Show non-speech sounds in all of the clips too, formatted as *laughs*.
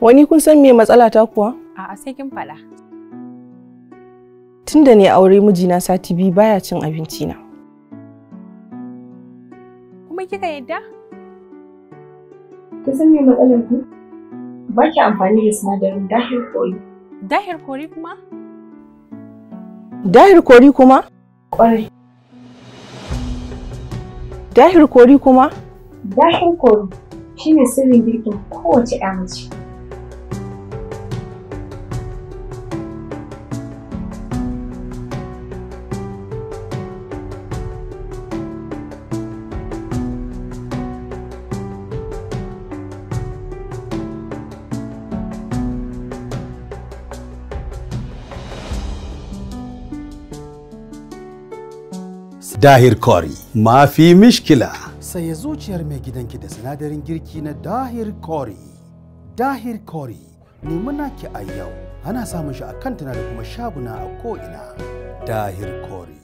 Wani kun san me matsala ta kuwa? A'a sai kin fada. Tunda ne aure mijina sati biyu baya cin abinci na. Kuma kika yadda? Ka san me matsalar ku? Ba ki amfani da sinadarin dahir kori. Dahir kori kuma? Dahir kori kuma? Kwarai. Dahir kori kuma? Dahir kori shine sirrin girkin kowace 'ya mace. Dahir Kori. Mafi mishkila. Saye zuciyar mai gidanki da sinadarin girki na Dahir Kori. Dahir Kori, nemi ki a yau. Ana samun shi a kan tana da kuma shaguna a ko'ina. Dahir Kori.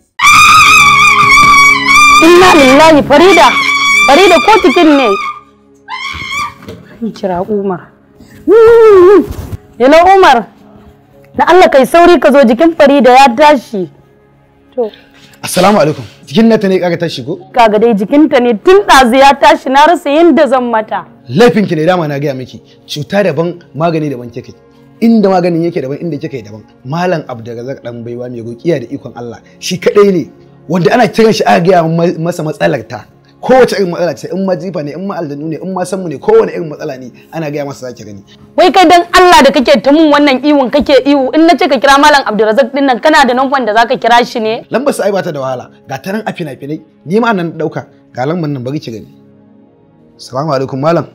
Inna lillahi Farida. Farida ko cikin ne? Kira Umar. Yana Umar. Na Allah kai sauri ka zo jikin Farida ya tashi. To. Assalamu alaikum. Jikin ta ne kaga ta shigo? Kaga dai jikinta ne tun ɗazu ya tashi na rasa yadda zan mata. Laifin ki ne dama na gaya miki. Cuta daban magani daban kike. Inda maganin yake daban inda kike daban. Malam Abdulrazak dan baiwa mai gokiya da ikon Allah. Shi kadai ne wanda ana kiran shi aka gaya masa matsalar ta. kowace irin matsala ce in ma jifa ne in ma aljanu ne in ma sanmu ne kowane irin matsala ne ana gaya masa zaki gani wai kai dan Allah da kake ta mun wannan iwon kake iwo in na ce ka kira malam Abdulrazak din nan kana da numban da zaka kira shi ne lambar sai ba ta da wahala ga ta afina a fina-finai ni ma nan dauka ga lambar nan bari ki gani assalamu alaikum malam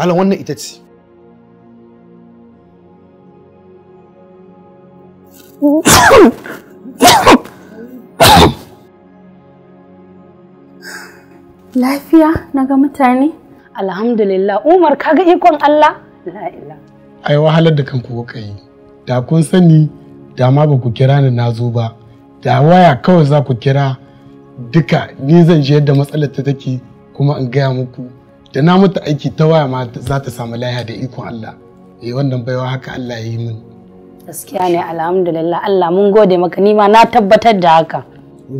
malam wannan ita ce Lafiya na ga mutane? Alhamdulillah, Umar kaga ikon Allah? La'ila. Ai wahalar da kanku kuka yi. Da kun sani da ma ba ku kira ni na zo ba. Da waya kawai za ku kira duka ni zan je yadda matsalar ta take kuma in gaya muku. Da na mutu aiki ta waya ma za ta samu lahiya da ikon Allah. Eh wannan baiwa haka Allah ya yi min. gaskiya ne alhamdulillah Allah mun gode maka nima na tabbatar da haka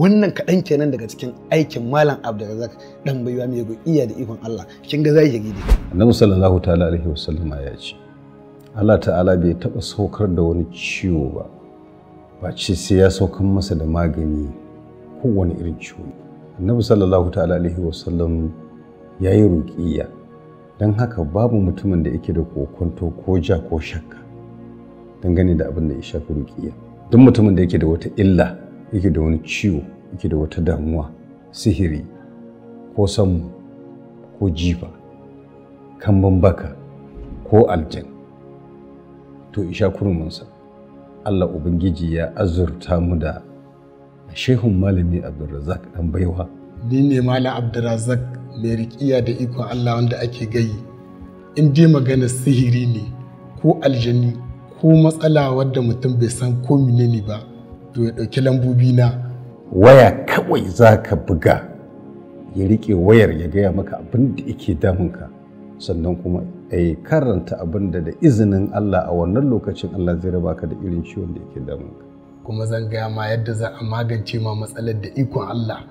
wannan kaɗan kenan daga cikin aikin malam abdulrazak dan baiwa mai iya da ikon Allah kin ga zai gidi annabi sallallahu ta'ala alaihi wasallama ya ce Allah ta'ala bai taɓa saukar da wani ciwo ba ba ce sai ya saukar masa da magani kowane irin ciwo annabi sallallahu ta'ala alaihi wasallam ya yi ruƙiyya don haka babu mutumin da yake da kokonto ko ja ko shakka dangane da abin da ya shafi rukiya duk mutumin da yake da wata illa yake da wani ciwo yake da wata damuwa sihiri ko samu ko jifa kan baka ko aljan to isha kurminsa Allah Ubangiji ya azurta mu da shehun malami Abdulrazak dan baiwa ni ne malam Abdulrazak mai riƙiya da ikon Allah wanda ake gayi in dai maganar sihiri ne ko aljani ko matsala wadda mutum bai san ko ne ba to ya ɗauki lambobi na waya kawai za ka buga ya riƙe wayar ya gaya maka abin da yake damunka sannan kuma ya eh, karanta abin da da izinin Allah a wannan lokacin Allah zai raba ka da irin ciwon da yake damunka kuma zan gaya ma yadda za a magance ma matsalar da ikon Allah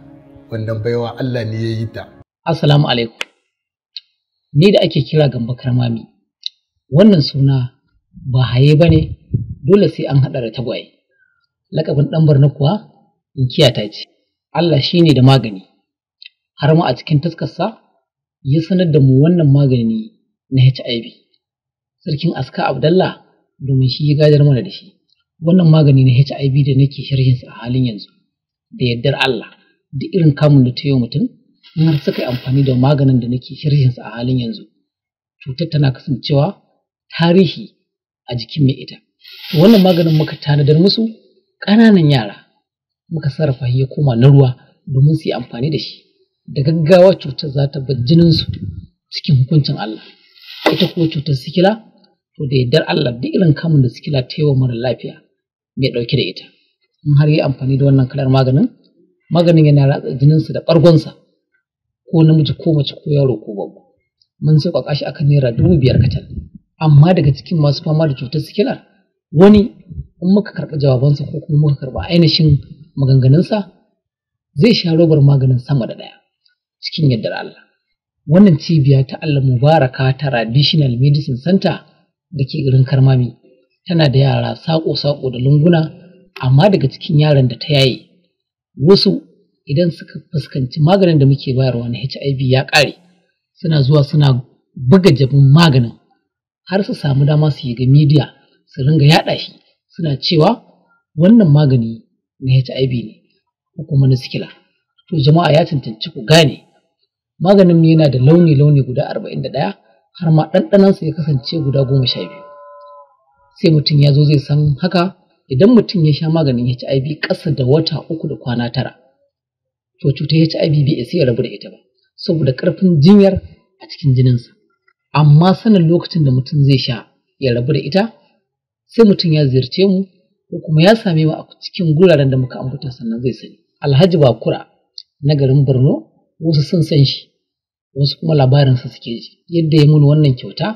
wanda baiwa Allah ne ya yi ta assalamu alaikum ni da ake kira gamba karmami wannan suna ba haye ba ne dole sai an haɗa da tagwaye lakabin ɗan barna kuwa in ta ce Allah shi ne da magani har ma a cikin taskarsa ya sanar da mu wannan magani na HIV sarkin aska Abdallah domin shi ya gadar mana da shi wannan magani na HIV da nake sharhinsa a halin yanzu da yardar Allah da irin kamun da ta yi mutum in har suka yi amfani da maganin da nake sharhinsa a halin yanzu cutar tana kasancewa tarihi a jikin mai ita wannan maganin muka tanadar musu ƙananan yara muka sarrafa ya koma na ruwa domin su yi amfani da shi da gaggawa cutar za ta bar jininsu cikin hukuncin Allah ita ko cutar sikila to da yardar Allah duk irin kamun da sikila ta yi wa mara lafiya mai ɗauke da ita in har yi amfani da wannan kalar maganin maganin yana ratsa jininsa da ɓargonsa ko namiji ko mace ko yaro ko babu. mun sauƙaƙa shi akan naira dubu biyar kacal amma daga cikin masu fama da cutar sikilar wani in muka karɓi jawabansa ko kuma muka karɓi ainihin maganganunsa zai sha robar maganin sama da ɗaya cikin yardar Allah wannan cibiya ta Allah Mubaraka ta Traditional Medicine Center da ke garin Karmami tana da yara saƙo-saƙo da lunguna amma daga cikin yaran da ta yaye wasu idan suka fuskanci maganin da muke bayarwa na HIV ya ƙare suna zuwa suna buga jabin maganin har su samu dama su yi ga midiya su ringa yaɗa shi suna cewa wannan magani na HIV ne ko kuma na sikila to jama'a ya cancanci ku gane maganin yana da launi-launi guda arba'in da ɗaya, har ma su ya kasance guda goma sha biyu sai mutum ya zo zai san haka idan mutum ya sha maganin HIV ƙasa da wata uku da kwana tara to cutar HIV bai isa ya rabu da ita ba saboda ƙarfin jinyar a cikin jininsa amma sanin lokacin da mutum zai sha ya rabu da ita sai mutum ya ziyarce mu ko kuma ya same mu a cikin guraren da muka ambata sannan zai sani alhaji bakura na garin borno wasu sun san shi wasu kuma labarinsa suke ji yadda ya mun wannan kyauta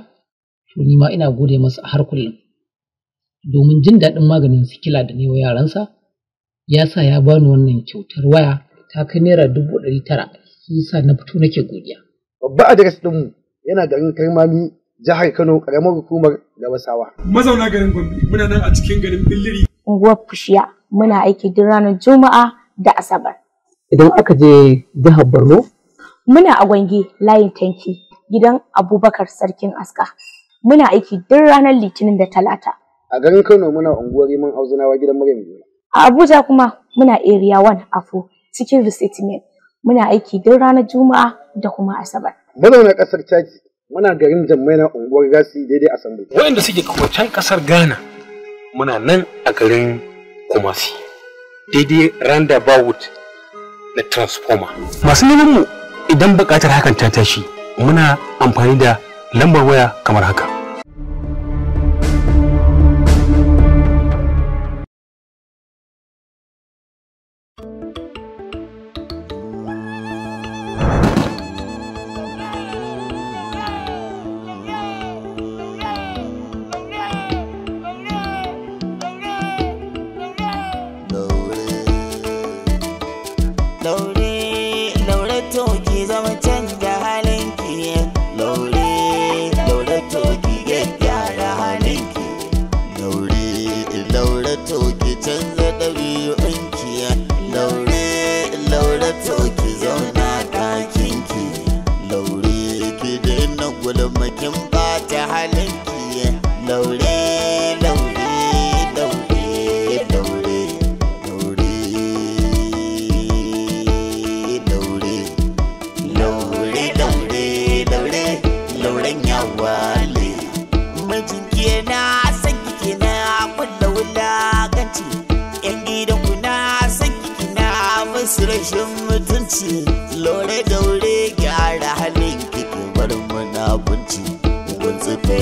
to ni ma ina gode masa a har kullum domin jin daɗin maganin sikila da wa yaransa ya sa ya bani wannan kyautar waya ta kai naira dubu ɗari tara shi yasa na fito nake godiya babba a daga mu yana garin karmami jihar Kano karamar hukumar Gabasawa. Mazauna garin Gombe muna nan a cikin garin Billiri. Unguwar Fushiya muna aiki duk ranar Juma'a da Asabar. Idan aka je jihar Borno? Muna a Gwange layin tanki gidan Abubakar Sarkin Aska. Muna aiki duk ranar Litinin da Talata. A garin Kano muna unguwar Riman Auzunawa gidan Maryam A Abuja kuma muna Area 1 Afo cikin Resettlement. Muna aiki duk ranar Juma'a da kuma Asabar. mazauna ƙasar Chaki muna garin na unguwar Gasi daidai a Assembly. Waɗanda suke can ƙasar Ghana muna nan a garin Kumasi daidai Randa roundabout na transformer. Masu neman mu idan buƙatar hakan ta tashi muna amfani da lambar waya kamar haka. laure laure to ki zama canja halinki laure laure to ki gyara halinki laure laure to ki canza ɗabi'un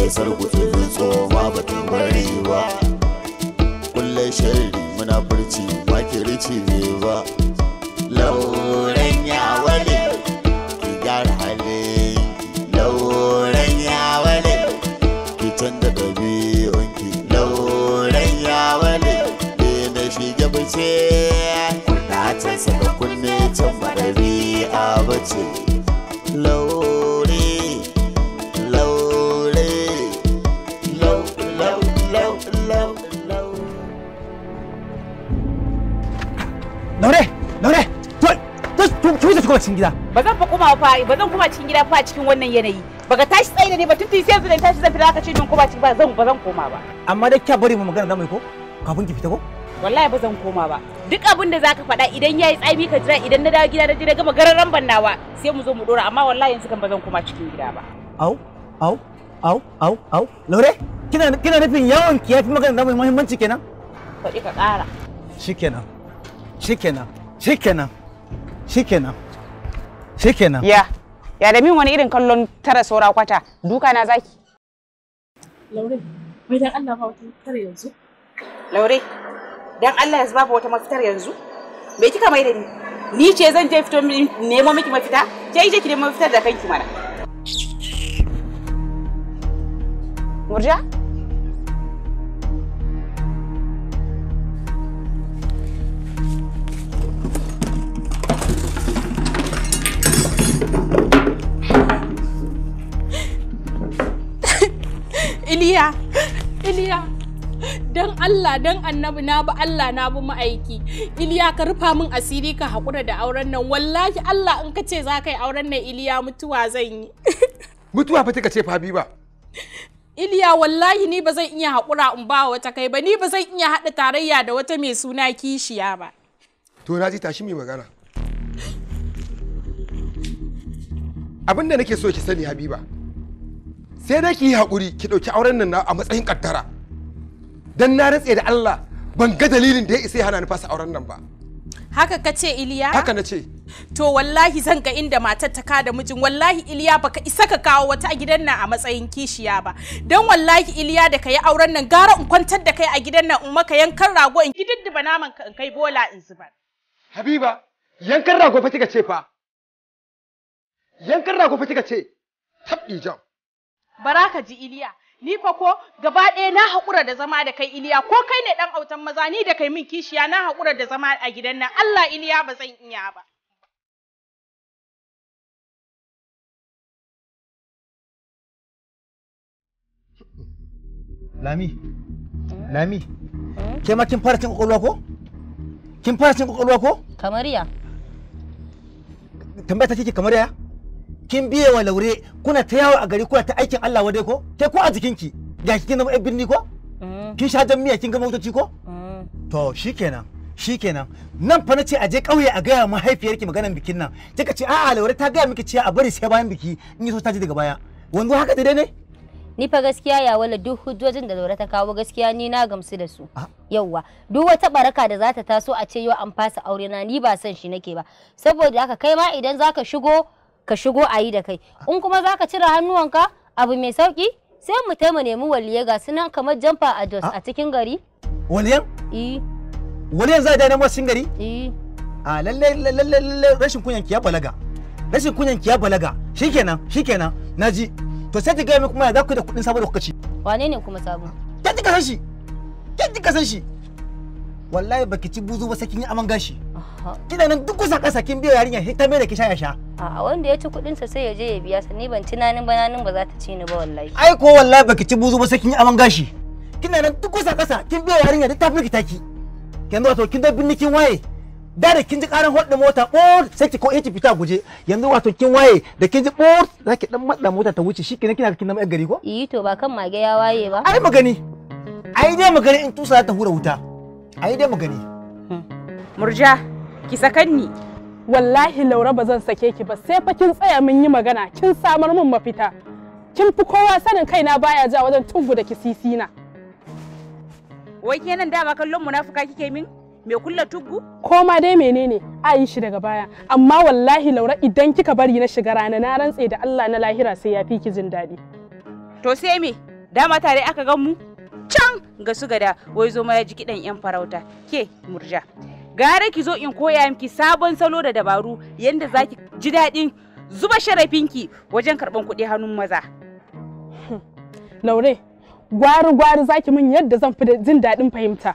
sarku gutsurin tsoma ba ta bari ba kullum shari muna furci ne ba fa ba zan koma cikin gida fa yanayi baka tashi tsaye da ni ba sai tashi zan fita ka ce don koma ba zan ba zan koma ba amma dai kya bari mu magana ko kafin ki fita ko wallahi ba zan koma ba duk abin zaka faɗa idan yayi tsami ka jira idan na dawo gida na gama sai mu zo mu dora amma wallahi yanzu kan ba zan koma cikin gida ba au au au au au kina kina nufin yafi magana muhimmanci kenan faɗi ka ƙara shikenan shikenan shikenan shikenan Shikenan. Ya. Ya da min wani irin kallon tara saura kwata duka na zaki. Laure, mai dan Allah ba wata mafitar yanzu? Laure, dan Allah yanzu babu wata mafitar yanzu? Me kika mai da ni? Ni ce zan je fito nemo miki mafita? Ke je ki nemo mafitar da kanki mana. Murja? Iliya, Iliya, don Allah don annabi na bi Allah na bi ma'aiki. Iliya ka rufa min asiri ka haƙura da auren nan wallahi Allah in ka ce za ka yi auren nan Iliya mutuwa zan yi. *laughs* Mutuwa fa ka ce fa Habiba. Iliya wallahi ni ba zan iya haƙura in ba wata kai ba ni ba zan iya haɗa tarayya da wata mai suna kishiya ba. To na ji tashi mai magana. Abin da nake so ki sani Habiba. sai dai ki yi haƙuri ki ɗauki auren nan a matsayin ƙaddara dan na rantse da Allah ban ga dalilin da ya isa hana ni fasa auren nan ba haka ka ce Iliya haka na ce to wallahi zan ga inda matar ta kada mijin wallahi Iliya baka isa ka kawo wata a gidan nan a matsayin kishiya ba dan wallahi Iliya da kai auren nan gara in kwantar da kai a gidan nan in maka yankan rago in ba naman ka in kai bola in zubar Habiba yankan rago fa kika ce fa yankan rago fa kika ce tabbi jam bara ka ji Iliya ni fa ko gaba ɗaya na haƙura da zama da kai Iliya ko kai ne ɗan autan maza ni da kai min kishiya na haƙura da zama a gidan nan Allah Iliya ba zan iya ba. Lami, Lami, ke ma kin fara cin ƙwaƙwalwa ko? Kin fara cin ƙwaƙwalwa ko? Kamar ya. Tambaya ta kike kamar ya? kin biye wa laure kuna ta yawo a gari kuna ta aikin Allah wadai ko ke ko a jikinki ga kike zama yan birni ko mm. kin sha jan miya kin ga motoci ko mm. to shikenan shikenan nan fa nace aje kauye a gaya mahaifiyarki maganan bikin nan kika ce a'a laure ta gaya miki cewa a bari sai bayan biki in yi so ta ji daga baya wanzu haka dai ne ni fa gaskiya ya wala duk hujjojin da laure ta kawo gaskiya ni na gamsu da su ah. yauwa duk wata baraka da zata taso a ce yau an fasa aure na ni ba son shi nake ba saboda haka kai ma idan zaka shigo ka shigo a yi da kai in kuma za ka cire hannuwanka abu mai sauki sai mu tai mu nemi waliye ga sunan kamar jamfa a jos ah. a cikin gari waliyan eh waliyan za a daina masu cikin gari eh a ah, lalle lalle lalle rashin kunyan ki ya balaga rashin kunyan ki ya balaga shikenan shikenan naji to sai ta gaya kuma ya zaku da kuɗin sabo da kuka ci wane ne kuma sabo ke kika san shi ke kika san shi wallahi baki ci buzu ba sai kin yi aman gashi kina nan duk kusa kasa kin biya yarinya ta mai da ki sha sha a wanda ya ci kudin sa sai ya je ya biya sa ni ban tunanin ba nanin ba za ta ci ni ba wallahi ai ko wallahi baki ci buzu ba sai kin yi aman gashi kina nan duk kusa kasa kin biya yarinya da ta firki taki yanzu wato kin da binni kin waye da da kin ji karan hodda mota bor sai ki ko ki fita guje yanzu wato kin waye da kin ji bor ki dan madda mota ta wuce shikenan kina kin nan gari ko yi to ba kan mage ya waye ba ai magani ai dai magani in tusa ta hura wuta ai dai magani Murja, ki sakan ni. Wallahi Laura ba zan sake ki ba sai fa kin tsaya mun yi magana kin samar mun mafita. Kin fi kowa sanin kaina baya ja wajen tungu da na Wai kenan dama kallon munafuka kike min? Me kulla tuggu? Koma dai menene a yi shi daga baya. Amma wallahi Laura idan kika bari na shiga rana na rantse da Allah na lahira sai ya fi ki jin daɗi. To sai me? Dama tare aka gan mu? Can ga su gada wai zo ma ya ji kiɗan 'yan farauta. Ke murja. gara ki zo in koya miki sabon salo da dabaru yadda za ki ji daɗin zuba sharafinki wajen karɓan kuɗi hannun maza. *laughs* Laure, gwari gwari za ki min yadda zan fi jin daɗin fahimta.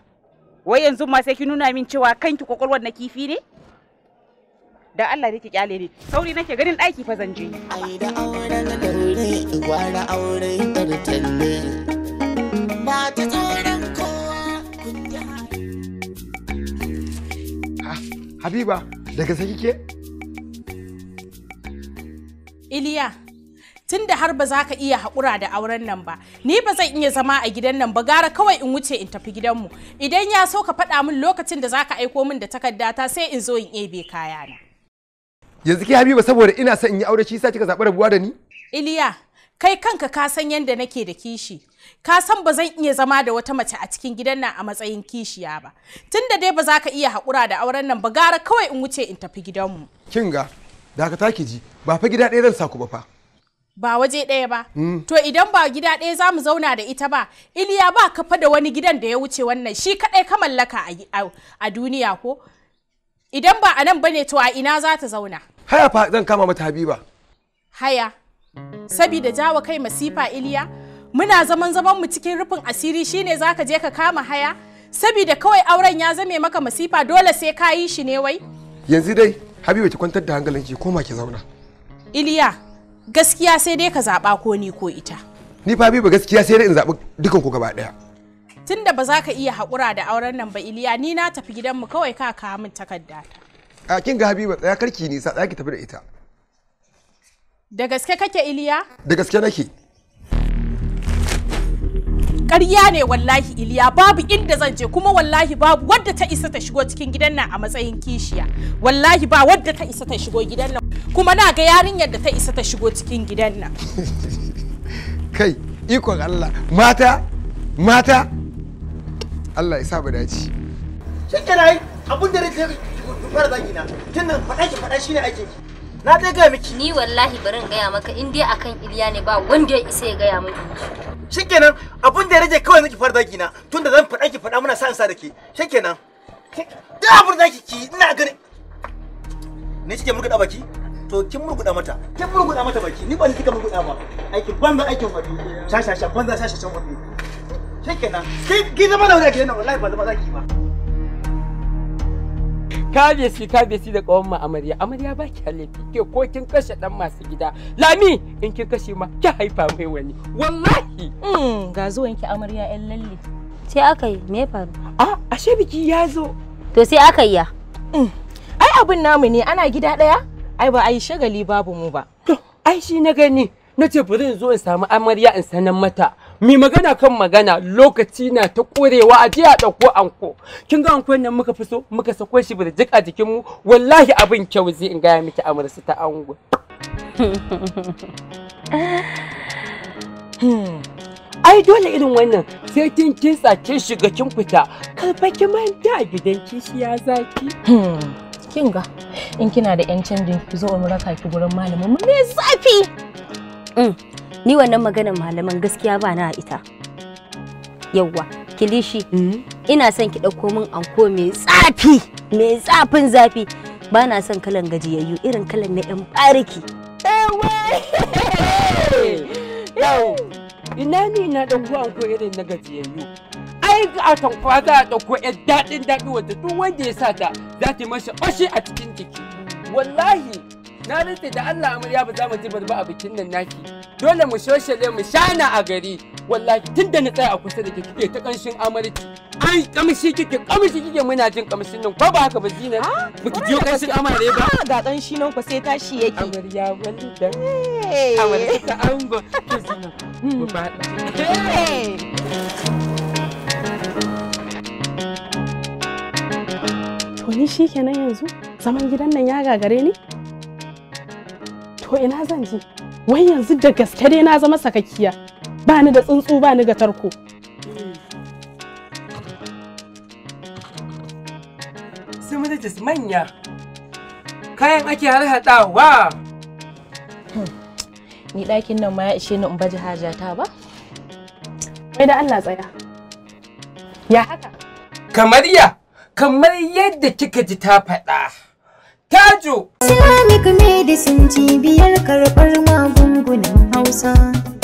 Wai yanzu ma sai ki nuna min cewa kanki kwakwalwar na kifi ne? Da Allah ne ki kyale ne, sauri nake ganin ɗaki fa zan je. Habiba, da gaske kike? Iliya, tun da har ba za ka iya haƙura da auren nan ba ni ba zan iya zama a gidan nan ba gara kawai in wuce in tafi gidanmu idan ya so ka faɗa min lokacin da za ka aiko min da takarda ta sai in zo in ebe kayana. yanzu ke habiba saboda ina son in yi aure shi sa kika zaɓi rabuwa da ni iliya kai kanka ka san yadda nake da kishi ka san ba zan iya zama da wata mace a cikin gidan nan a matsayin kishiya ba tunda dai ba za ka iya haƙura da auren nan ba gara kawai in wuce in tafi gidanmu kin ga dakata ke ji ba fa gida ɗaya zan sa ku ba fa ba waje ɗaya ba hmm. to idan ba gida ɗaya za mu zauna da ita ba iliya ba ka fa da wani gidan da ya wuce wannan shi kaɗai ka mallaka a duniya ko idan ba a nan bane to a ina za ta zauna haya fa zan kama mata habiba haya sabida jawa kai masifa iliya muna zaman zaman mu cikin rufin asiri shine zaka je ka kama haya sabida kawai auren ya zame maka masifa dole sai ka yi shi ne wai yanzu dai habiba ki kwantar da hankalinki koma ki zauna iliya gaskiya sai dai ka zaba ko ni ko ita ni fa habiba gaskiya sai dai in zabi dukan ku gaba daya tunda ba za ka iya haƙura da auren nan ba iliya ni na tafi gidanmu kawai ka kawo min takarda a kin ga habiba tsaya karki nisa tsaya ki tafi da ita Da gaske kake Iliya? Da gaske nake. Ƙarya ne wallahi Iliya babu inda zan je kuma wallahi babu wadda ta isa ta shigo cikin gidan nan a matsayin kishiya. Wallahi ba wadda ta isa ta shigo gidan nan. Kuma na ga yarinyar da ta isa ta shigo cikin gidan nan. *laughs* Kai ikon Allah mata mata Allah ya sa ba dace. kana yi abin da rake fara zaki na tun nan faɗa ki faɗa shine aikin ki. Na dai gaya miki. Ni wallahi bari in gaya maka in dai akan Iliya ne ba wanda ya isa ya gaya miki. Shikenan abin da ya rage kawai nake farda gina tunda zan faɗa ki faɗa muna sa in sa da ke. Shikenan. Da abin da ki ina gani. Ne kike murguda baki? To kin murguda mata. Kin murguda mata baki. Ni ba ni kika murguda ba. Aikin banza aikin sha sha banza shashashan wani. Shikenan. Kin zama da wani gidan wallahi ba zama zaki ba. kabe si kabe si da kawon ma amarya amarya ba ki halifi ke ko kin kashe dan masu gida lami in kin kashe ma ki haifa mai wani wallahi hmm, ga zuwan ki amarya yan lalle sai aka yi me faru a ashe biki ya zo to sai aka yi ya hmm. ai abin namu ne ana gida daya ai ba ai shagali babu mu ba ai shi na gani na ce bari in zo in samu amarya in sanan mata mi magana kan magana lokaci na ta ƙurewa a jiya ɗauko anko kin ga anko nan muka fi so muka sako shi jik a jikin mu wallahi abin kyau zai in gaya miki amursu ta ango hmm. ai dole irin wannan sai kin kintsa kin shiga kin fita karfa ki man a gidan kishiya zaki hmm. kin ga in kina da 'yancin canjin ki zo in raka ki gurin malamin mu me zafi mm. ni wannan maganar malaman gaskiya ba na ita yawa kilishi mm. ina son ki ɗauko min anko mai tsafi mai tsafin zafi ba na son kalan gajiyayyu irin kalan na yan bariki ina ni na ɗauko anko irin na gajiyayyu ai a tankwa za a ɗauko yan daɗin daɗi wanda duk wanda ya sa ta za ta mashi a cikin jiki wallahi na rinta da Allah amarya ba za mu zubar ba a bikin nan naki dole mu shoshale mu shana a gari wallahi tun da na tsaya a kusa da ke kike ta kanshin amarci ai kamshi kike kamshi kike muna jin kamshin nan ko ba haka ba zina ah, ba ki jiyo kanshin amare ba ga kanshi nan ku sai tashi yake amarya wani da amarya ta ango hmm. ku ba To ni shi kenan yanzu zaman gidan nan ya gagare ni? To ina zan je? Wai yanzu da gaske dai na zama sakakkiya. Ba ni da tsuntsu ba ni ga tarko. Similitis manya. Kayan ake harhaɗawa. Hmm. Ni ɗakin nan ma ya ishe ni in baji hajata ba? Wai da Allah tsaya. Ya haka? Kamar ya, kamar yadda kika ji ta faɗa. Taju Islamic Medicine cibiyar karɓar magungunan Hausa.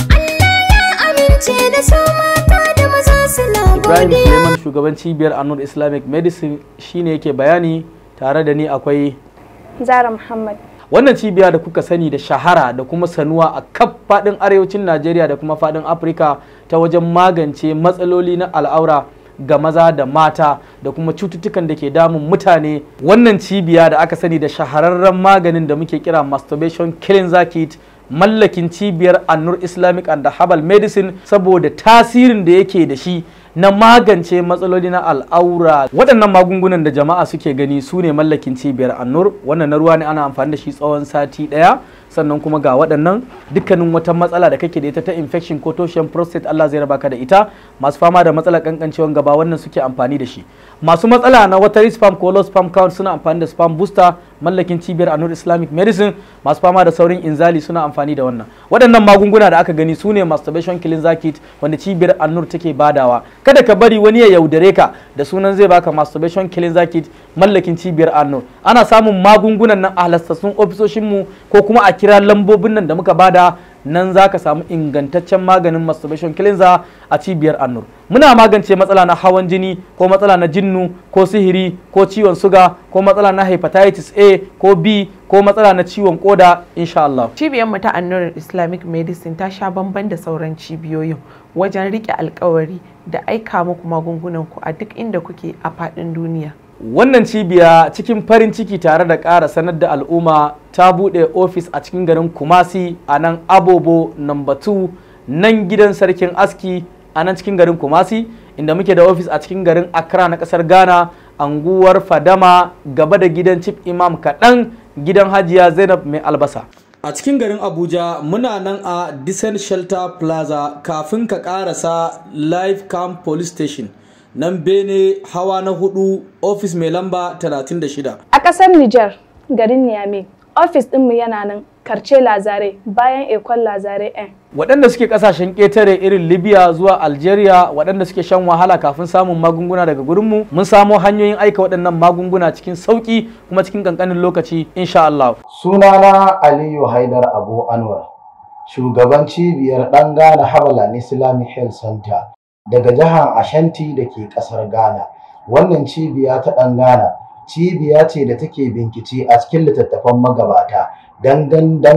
Allah ya amince da su mata da maza suna Ibrahim Suleiman shugaban cibiyar Anur Islamic Medicine shine yake bayani tare da ni akwai Zara Muhammad. Wannan cibiya da kuka sani da shahara da kuma sanuwa a kaf faɗin arewacin Najeriya da kuma faɗin Afirka ta wajen magance matsaloli na al'aura ga maza da mata da kuma cututtukan da ke damun mutane wannan cibiya da aka sani da shahararren maganin da muke kira masturbation cleanser kit mallakin cibiyar annur islamic and herbal medicine saboda tasirin da yake da shi na magance matsaloli na al'aura waɗannan magungunan da jama'a suke gani su ne mallakin cibiyar annur wannan na ruwa ne ana amfani da shi tsawon sati ɗaya sannan kuma ga waɗannan dukkanin wata matsala da kake da ita ta infection ko toshen prostate Allah zai raba ka da ita masu fama da matsalar kankancewan gaba wannan suke amfani da shi masu matsala na water spam ko low spam count suna amfani da spam booster mallakin cibiyar anur islamic medicine masu fama da saurin inzali suna amfani da wannan waɗannan magunguna da aka gani su ne masturbation cleanser kit wanda cibiyar anur take badawa kada ka bari wani ya yaudare ka da sunan zai baka masturbation cleanser kit mallakin cibiyar anno ana samun magungunan nan a halastassun ofisoshinmu ko kuma a kira lambobin nan da muka bada nan za ka samu ingantaccen maganin masturbation kilinza a cibiyar annur muna magance matsala na hawan jini ko matsala na jinnu ko sihiri ko ciwon suga ko matsala na hepatitis a ko b ko matsala na ciwon koda insha Allah. cibiyar mu ta annur islamic medicine ta sha bamban da sauran cibiyoyin wajen rike alkawari da aika muku magungunan ku a duk inda kuke a faɗin duniya wannan cibiya cikin farin ciki tare da ƙara sanar da al'umma ta buɗe ofis a cikin garin kumasi a nan abobo namba 2 nan gidan sarkin aski a nan cikin garin kumasi inda muke da ofis a cikin garin accra na ƙasar ghana anguwar fadama gaba da gidan chief imam kaɗan gidan hajiya zainab mai albasa a cikin garin abuja muna nan a descent shelter plaza kafin ka karasa live camp police station nan bene hawa na hudu ofis mai lamba 36 a ƙasar Nijar, garin niamey ofis ɗinmu yana nan karce lazare bayan ekon lazare n waɗanda suke ƙasashen ƙetare irin libya zuwa algeria waɗanda suke shan wahala kafin samun magunguna daga gurinmu mun samo hanyoyin aika waɗannan magunguna cikin sauƙi kuma cikin ƙanƙanin lokaci insha Allah. sunana aliyu haidar abu anwar shugaban cibiyar ɗan gane habala islamic health center daga jihar Ashanti da ke ƙasar Ghana. Wannan cibiya ta ɗan Ghana cibiya ce da take binkici a cikin littattafan magabata dan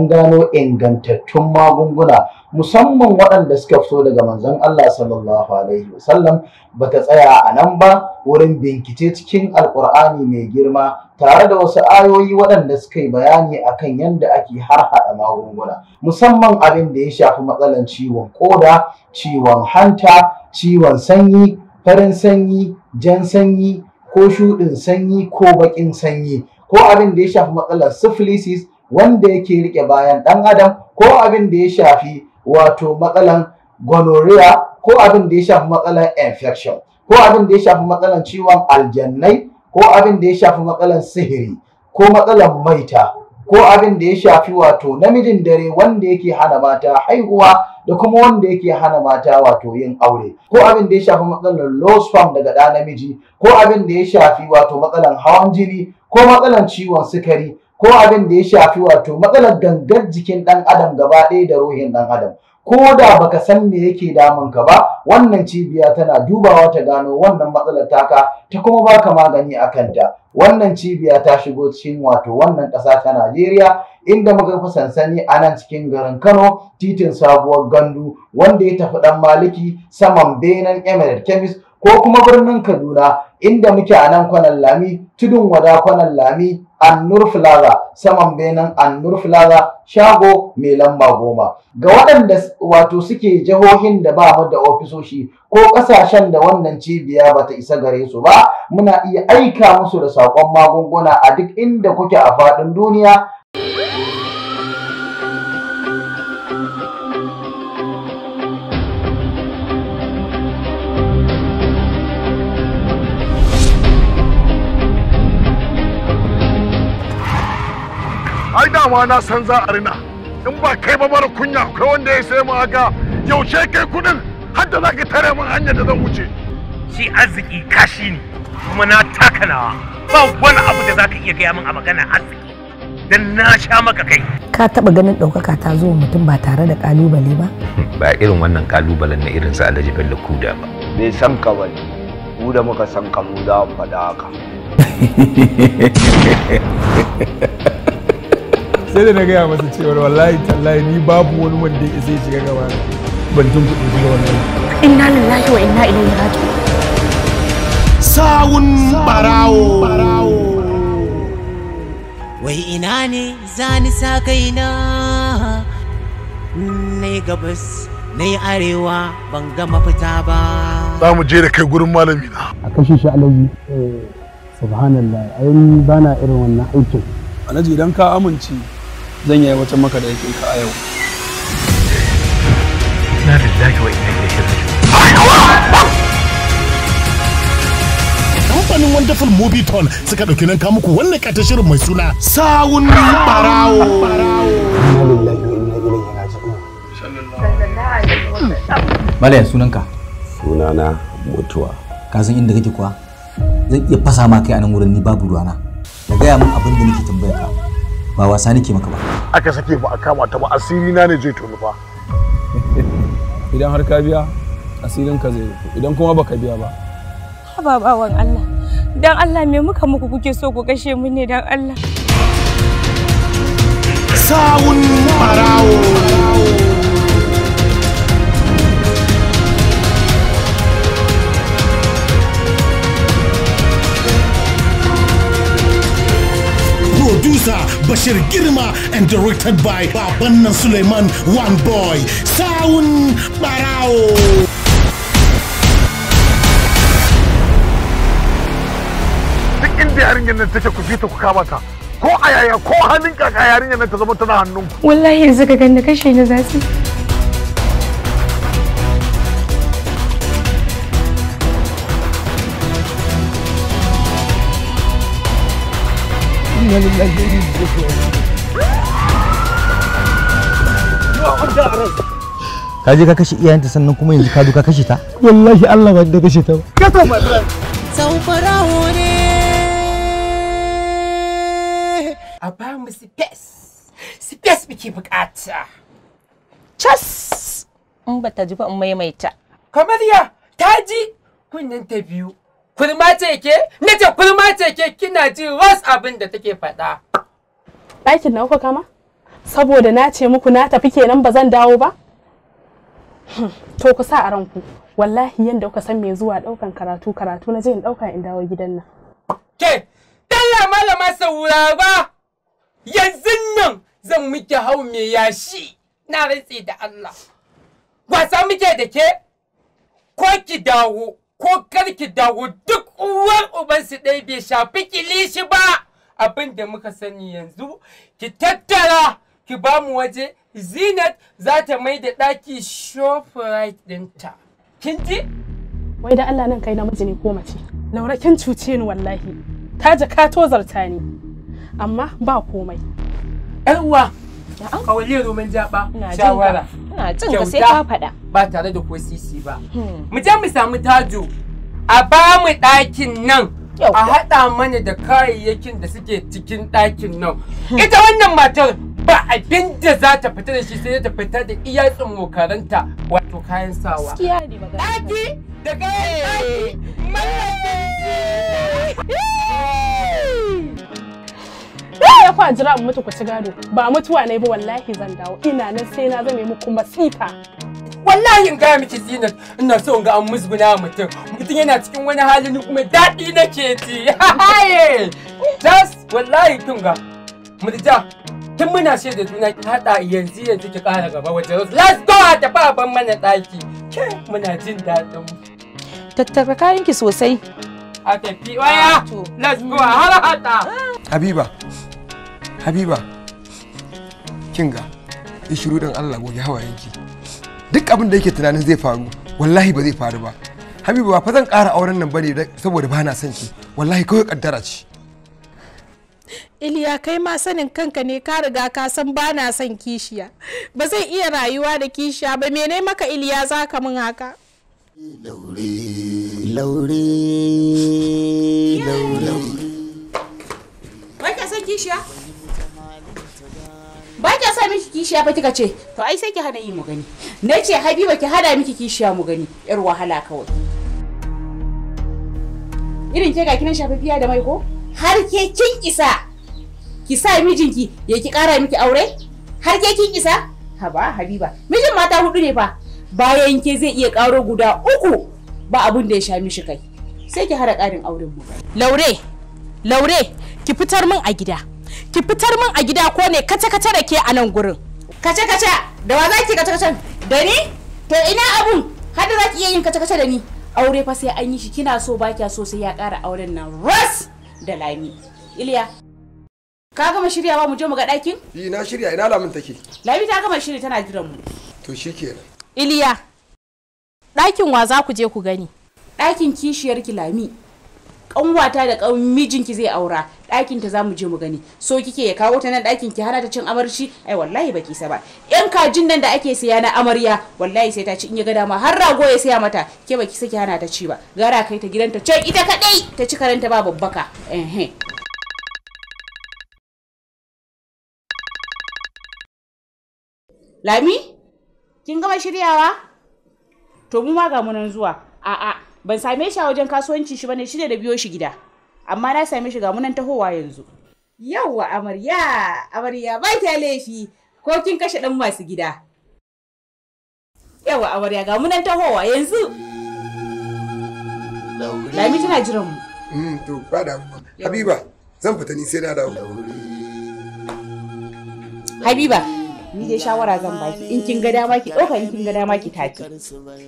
gano ingantattun magunguna musamman waɗanda suka fito daga manzon Allah sallallahu alaihi wasallam ba ta tsaya a nan ba wurin binkice cikin alƙur'ani mai girma tare da wasu ayoyi waɗanda suka yi bayani akan yadda ake harhaɗa magunguna musamman abin da ya shafi matsalan ciwon ƙoda, ciwon hanta ciwon sanyi farin sanyi jan sanyi ko shuɗin sanyi ko baƙin sanyi ko abin da ya shafi matsalar syphilis wanda yake rike bayan ɗan adam ko abin da ya shafi wato matsalan gonorrhea ko abin da ya shafi matsalan infection ko abin da ya shafi matsalan ciwon aljannai ko abin da ya shafi matsalan sihiri ko matsalan maita ko abin da ya shafi wato namijin dare wanda yake hana mata haihuwa da kuma wanda yake hana mata wato yin aure ko abin da ya shafi matsalar low sperm daga ɗa namiji ko abin da ya shafi wato matsalar hawan jini ko matsalar ciwon sukari ko abin da ya shafi wato matsalar gangar jikin ɗan adam gaba ɗaya da ruhin ɗan adam ko da baka san me yake damun ka ba wannan cibiya tana dubawa ta gano wannan matsalar taka ta kuma baka magani a kanta wannan cibiya ta shigo cikin wato wannan ƙasa ta Najeriya inda muka fi sansani a nan cikin garin Kano titin sabuwar gandu wanda ya tafi dan maliki saman benen emirate chemist ko kuma birnin Kaduna inda muke a nan kwanan lami tudun wada kwanan lami annur saman benin annur plaza shago mai lamba goma ga waɗanda wato suke jihohin da ba mu da ofisoshi ko ƙasashen da wannan cibiya ba ta isa gare su ba muna iya aika musu da saƙon magunguna a duk inda kuke a faɗin duniya ai dama na san za a rina in ba kai ba mara kunya akwai wanda ya sai mu haka yaushe kai kudin har da zaki tare min hanyar da zan wuce shi arziki kashi ne kuma na taka nawa ba wani abu da zaka iya gaya min a magana arziki dan na sha maka kai ka taba ganin ɗaukaka ta zo mutum ba tare da kalubale ba *laughs* ba irin wannan kalubalen na irin sa Alhaji Bello Kuda ba bai san ka bane ku da muka san ka mu za mu faɗa haka *laughs* sai da na gaya masa cewar wallahi tallahi ni babu wani wanda ya zai shiga gaba ban jin kuɗi shiga wannan inna lillahi wa inna ilaihi raji'un sawun barawo wai ina ne zani sa Na yi gabas yi arewa ban ga mafita ba za mu je da kai gurin malami na a kashe shi alaji eh, subhanallah ai bana irin wannan aikin alhaji idan ka amince zan yi wata maka da yake ka a yau kamfanin wonderful movie ton suka dauki nan muku wannan kata shirin mai suna sawun barawo Malayan sunanka? Sunana mutuwa. Ka san inda kake kuwa? Zan iya fasa ma kai a nan wurin ni babu ruwana. Ka gaya min abin da nake tambayar ka. ba wasa nake maka ba aka sake ba a kama ta ba asiri na ne zai tonu fa *laughs* idan har ka biya asirin ka zai rufe idan kuma baka biya ba ba bawan Allah dan Allah me muka muku kuke so ku kashe mu ne dan Allah sawun marawo producer Bashir Girma and directed by nan Suleiman One Boy. Sound Barao. Duk inda yarinyar nan take ku fita ku kama ta. Ko a yaya ko halin kaka yarinyar nan ta zama tana hannunku. Wallahi yanzu ka ganda kashe na zasu. kaje ka je ka kashe iyayenta sannan kuma yanzu ka zo ka kashe ta wallahi Allah wanda da kashe ta ka to madran saufarawo ne a ba mu space space muke bukata chas in ba ta ji ba in maimaita kamar ya ta ji kunnen ta biyu kulma ce ke na ce kulma ce ke kina ji ras abin da take faɗa. ɗakin nawa kama saboda na ce muku na tafi kenan ba zan dawo ba hmm, to ku sa a ranku wallahi yadda kuka san me zuwa ɗaukan karatu karatu na je in ɗauka in dawo gidan nan. ke dalla malama saurara yanzu nan zan miki hau me yashi na rantse da Allah wasa muke da ke ko ki dawo ko karki dawo duk uwar ubansu ɗaya bai shafi kilishi ba abin da muka sani yanzu ki tattara ki ba mu waje zinat za ta mai da ɗaki shoprite ɗinta kin ji wai da Allah nan kai namiji ne ko mace laura kin cuce ni wallahi ta jaka tozarta ni amma ba komai 'yar Kawaliyar Roman Jaba shawara. Ina Ba tare da ko sisi ba. Hmm. Mu je mu samu tajo a ba mu ɗakin nan. A haɗa mana da kayayyakin da suke cikin ɗakin nan. Hmm. Ita wannan matar ba abin da za ta fita da shi sai ta fita da iya tsumokaranta wato kayan sawa. Ɗaki da kayan ɗaki. ya fa jira in mutu ku ci gado ba mutuwa ne ba wallahi zan dawo ina nan sai na zame muku masifa wallahi in gaya miki zinat ina so in ga an musguna mutum mutum yana cikin wani hali ni kuma daɗi nake ji *laughs* haye just wallahi kin ga murja tun muna ce da juna ki haɗa yanzu yanzu ki ƙara gaba wajen let's go a tafi a ban mana ɗaki ke muna jin daɗin tattara kayanki sosai a tafi waya ah, let's go a harhata ah. habiba habiba kinga ya shiru don allah goge hawayenki duk abin da yake tunanin zai faru wallahi ba zai faru ba habiba ba fa zan ƙara auren nan bane saboda ba na son ki wallahi kawai kaddara ce Iliya kai ma sanin kanka ne ka riga ka san ba na son kishiya ba zai iya rayuwa da kishiya ba ne maka Iliya za ka min haka laure laure laure wai ka san kishiya ba kya sa miki kishiya ba kika ce to ai sai ki hana yi mu gani na ce habiba ki hada miki kishiya mu gani yar wahala kawai irin ke ga kinan shafafiya da mai ko har ke kin isa ki sa mijinki ya ki kara miki aure har ke kin isa haba habiba mijin mata hudu ne fa bayan ke zai iya karo guda uku ba abun da ya sha mishi kai sai ki hada karin auren mu laure laure ki fitar min a gida ki fitar min a gida ko ne kace kace da ke a nan gurin kace kace da wa zaki kace kace da ni to ina abun har da zaki iya yin kace kace da ni aure fa sai an yi shi kina so ba kya so sai ya ƙara auren nan ras da lami iliya ka gama shirya ba mu je mu ga ɗakin? yi eh, na shirya ina lamin take lami ta gama shirya, tana jiran mu to shikenan iliya ɗakin wa za ku je ku gani ɗakin kishiyar ki lami kanwata da kan mijinki zai aura ɗakin ta zamu je mu gani so kike ya kawo ta nan ɗakin ki hana ta cin amarci ai wallahi baki sa ba yan kajin nan da ake siya na amarya wallahi sai ta ci in ya ga dama har rago ya siya mata ke baki saki hana ta ci ba gara kai ta gidanta ce ita kadai ta ci karanta ba babbaka eh Lami kin gama shiryawa to mu ma ga munan zuwa a'a ban same shi a wajen kasuwanci shi bane shine ne da biyo shi gida amma na same shi ga munan tahowa yanzu yawwa amarya amarya ba ta laifi ko kin kashe dan masu gida yawwa amarya ga munan tahowa yanzu Lami tana jiran mu. Mm, to ba da Habiba zan fita ni sai na dawo. Habiba, ni dai shawara zan baki in kin ga dama ki ɗauka in kin ga dama ki take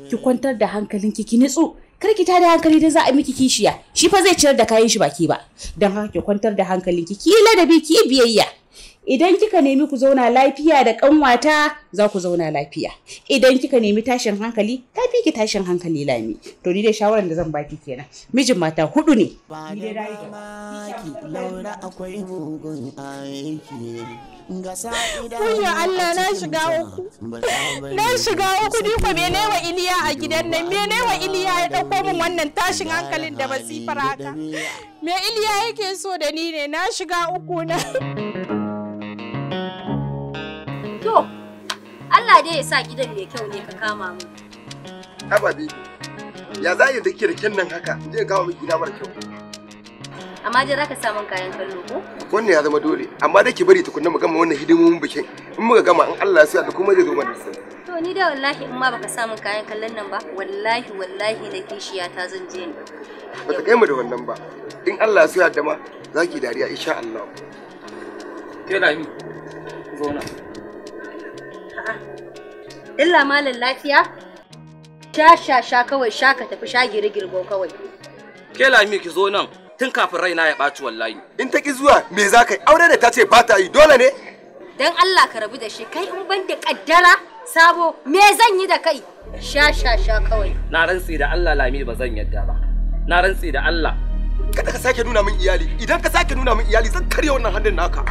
ki kwantar da hankalin ki ki nitsu kar ki tada hankali da za a miki kishiya shi fa zai ciyar da kayan shi baki ba dan haka ki kwantar da hankalin ki ki ladabi ki biyayya idan kika nemi ku zauna lafiya da kanwata za ku zauna lafiya idan kika nemi tashin hankali ta fi ki tashin hankali lami to ni dai shawaran da zan baki kenan mijin mata hudu ne Kunya Allah na shiga uku. Na shiga uku ni ko mene wa Iliya a gidan nan mene wa Iliya ya dauko min wannan tashin hankalin da masifar haka. Me Iliya yake so da ni ne na shiga uku na. *laughs* Allah ya sa gidan mai kyau ne ka kama mu. Haba bibi, ya za yi dake da nan haka zai kawo miki gida mara kyau. Amma dai zaka samun kayan kallo ko? Wannan ya zama dole, amma dai ki bari tukunna mu gama wannan hidimomin bikin. In muka gama in Allah ya sa da kuma zai zo mana da To ni da wallahi in ma baka samun kayan kallon nan ba, wallahi wallahi da kishiya ta zan je ni. Ba ta kai mu da wannan ba. In Allah ya sa da ma za ki dariya insha Allah. Ke Lami, zauna. 啊。illa malam lafiya sha sha sha kawai sha ka tafi sha gire girgo kawai ke lami ki zo nan tun kafin raina ya ɓaci wallahi in ta ki zuwa me za ka yi aure da ta ce ba ta yi dole ne dan Allah ka rabu da shi kai in ban da kaddara sabo me zan yi da kai sha sha sha kawai na rantsi da Allah lami ba zan yadda ba na rantsi da Allah kada ka sake nuna min iyali idan ka sake nuna min iyali zan karya wannan hannun naka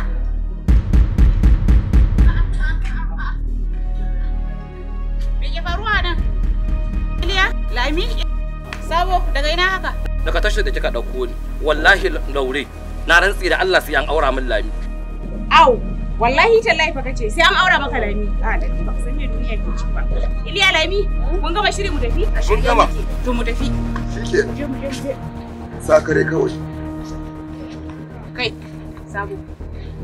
Me ke faruwa nan? Iliya, Lami, Sabo, daga ina haka? Daga tashar da kika ɗauko ni. Wallahi na rantsi da Allah sai an aura min Lami. Au, wallahi ta laifa kace sai an aura A da ba san me duniya ci ba. Iliya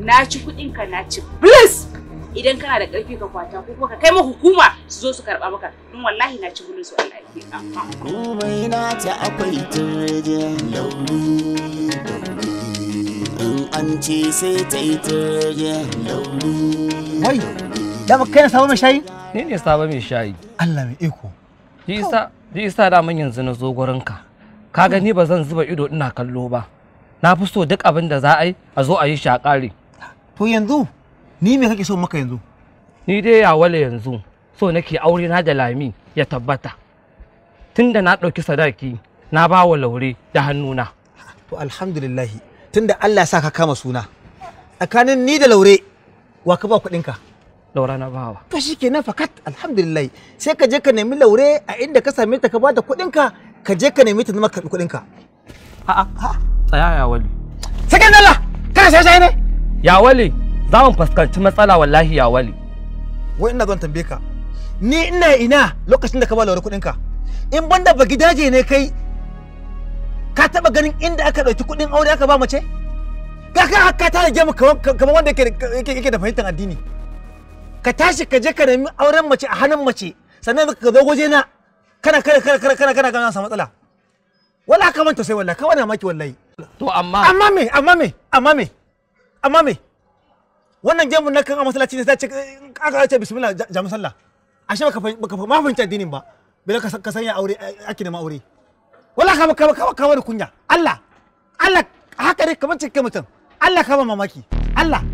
Na ci kuɗinka na ci. Please. idan kana da ƙarfi ka kwata ko ka kai ma hukuma su zo su karɓa maka don wallahi na ci gurin su Allah yake amma komai na ta akwai turje lauri in an ce sai ta yi turje lauri wai dama kai sabo mai shayi ni ne sabo mai shayi Allah mai iko isa ji isa da mun yanzu na zo ka gani ba zan zuba ido ina kallo ba na fi so duk abin da za a yi a zo a yi shaƙari to yanzu ni me kake so maka yanzu ni dai ya wala yanzu so nake aure na da lami ya tabbata tunda na ɗauki sadaki na ba wa laure da hannuna to alhamdulillah tunda Allah ya sa ka kama suna tsakanin ni da laure wa ka ba kuɗin ka laura na bawa to shikenan fakat alhamdulillah sai ka je ka nemi laure a inda ka same ta ka bada kuɗin ka ka je ka nemi ta zama karɓi kuɗin ka a'a tsaya ya wali sakin Allah kana sai sai ne ya wali za mu fuskanci matsala wallahi ya wali wai ina zan tambaye ka ni ina ina lokacin da ka ba lauri kudin ka in banda ba gidaje ne kai ka taba ganin inda aka ɗauki kuɗin aure aka ba mace ka ka haka ta da gemu kamar wanda yake da fahimtar addini ka tashi ka je ka nemi auren mace a hannun mace sannan ka zo waje na kana kana kana kana kana kana kana samu matsala wala ka manta sai wallahi ka wani maki wallahi to amma amma me amma me amma me amma me wannan gemun na kan a masallaci ne sai ce eh, aka ce bismillah ja musalla ashe baka baka ma fahimci addinin ba bila ka sanya aure eh, ake na ma aure wala ka ka ka ka wani kunya Allah Allah haka dai kamar cikin mutum Allah ka ba mamaki Allah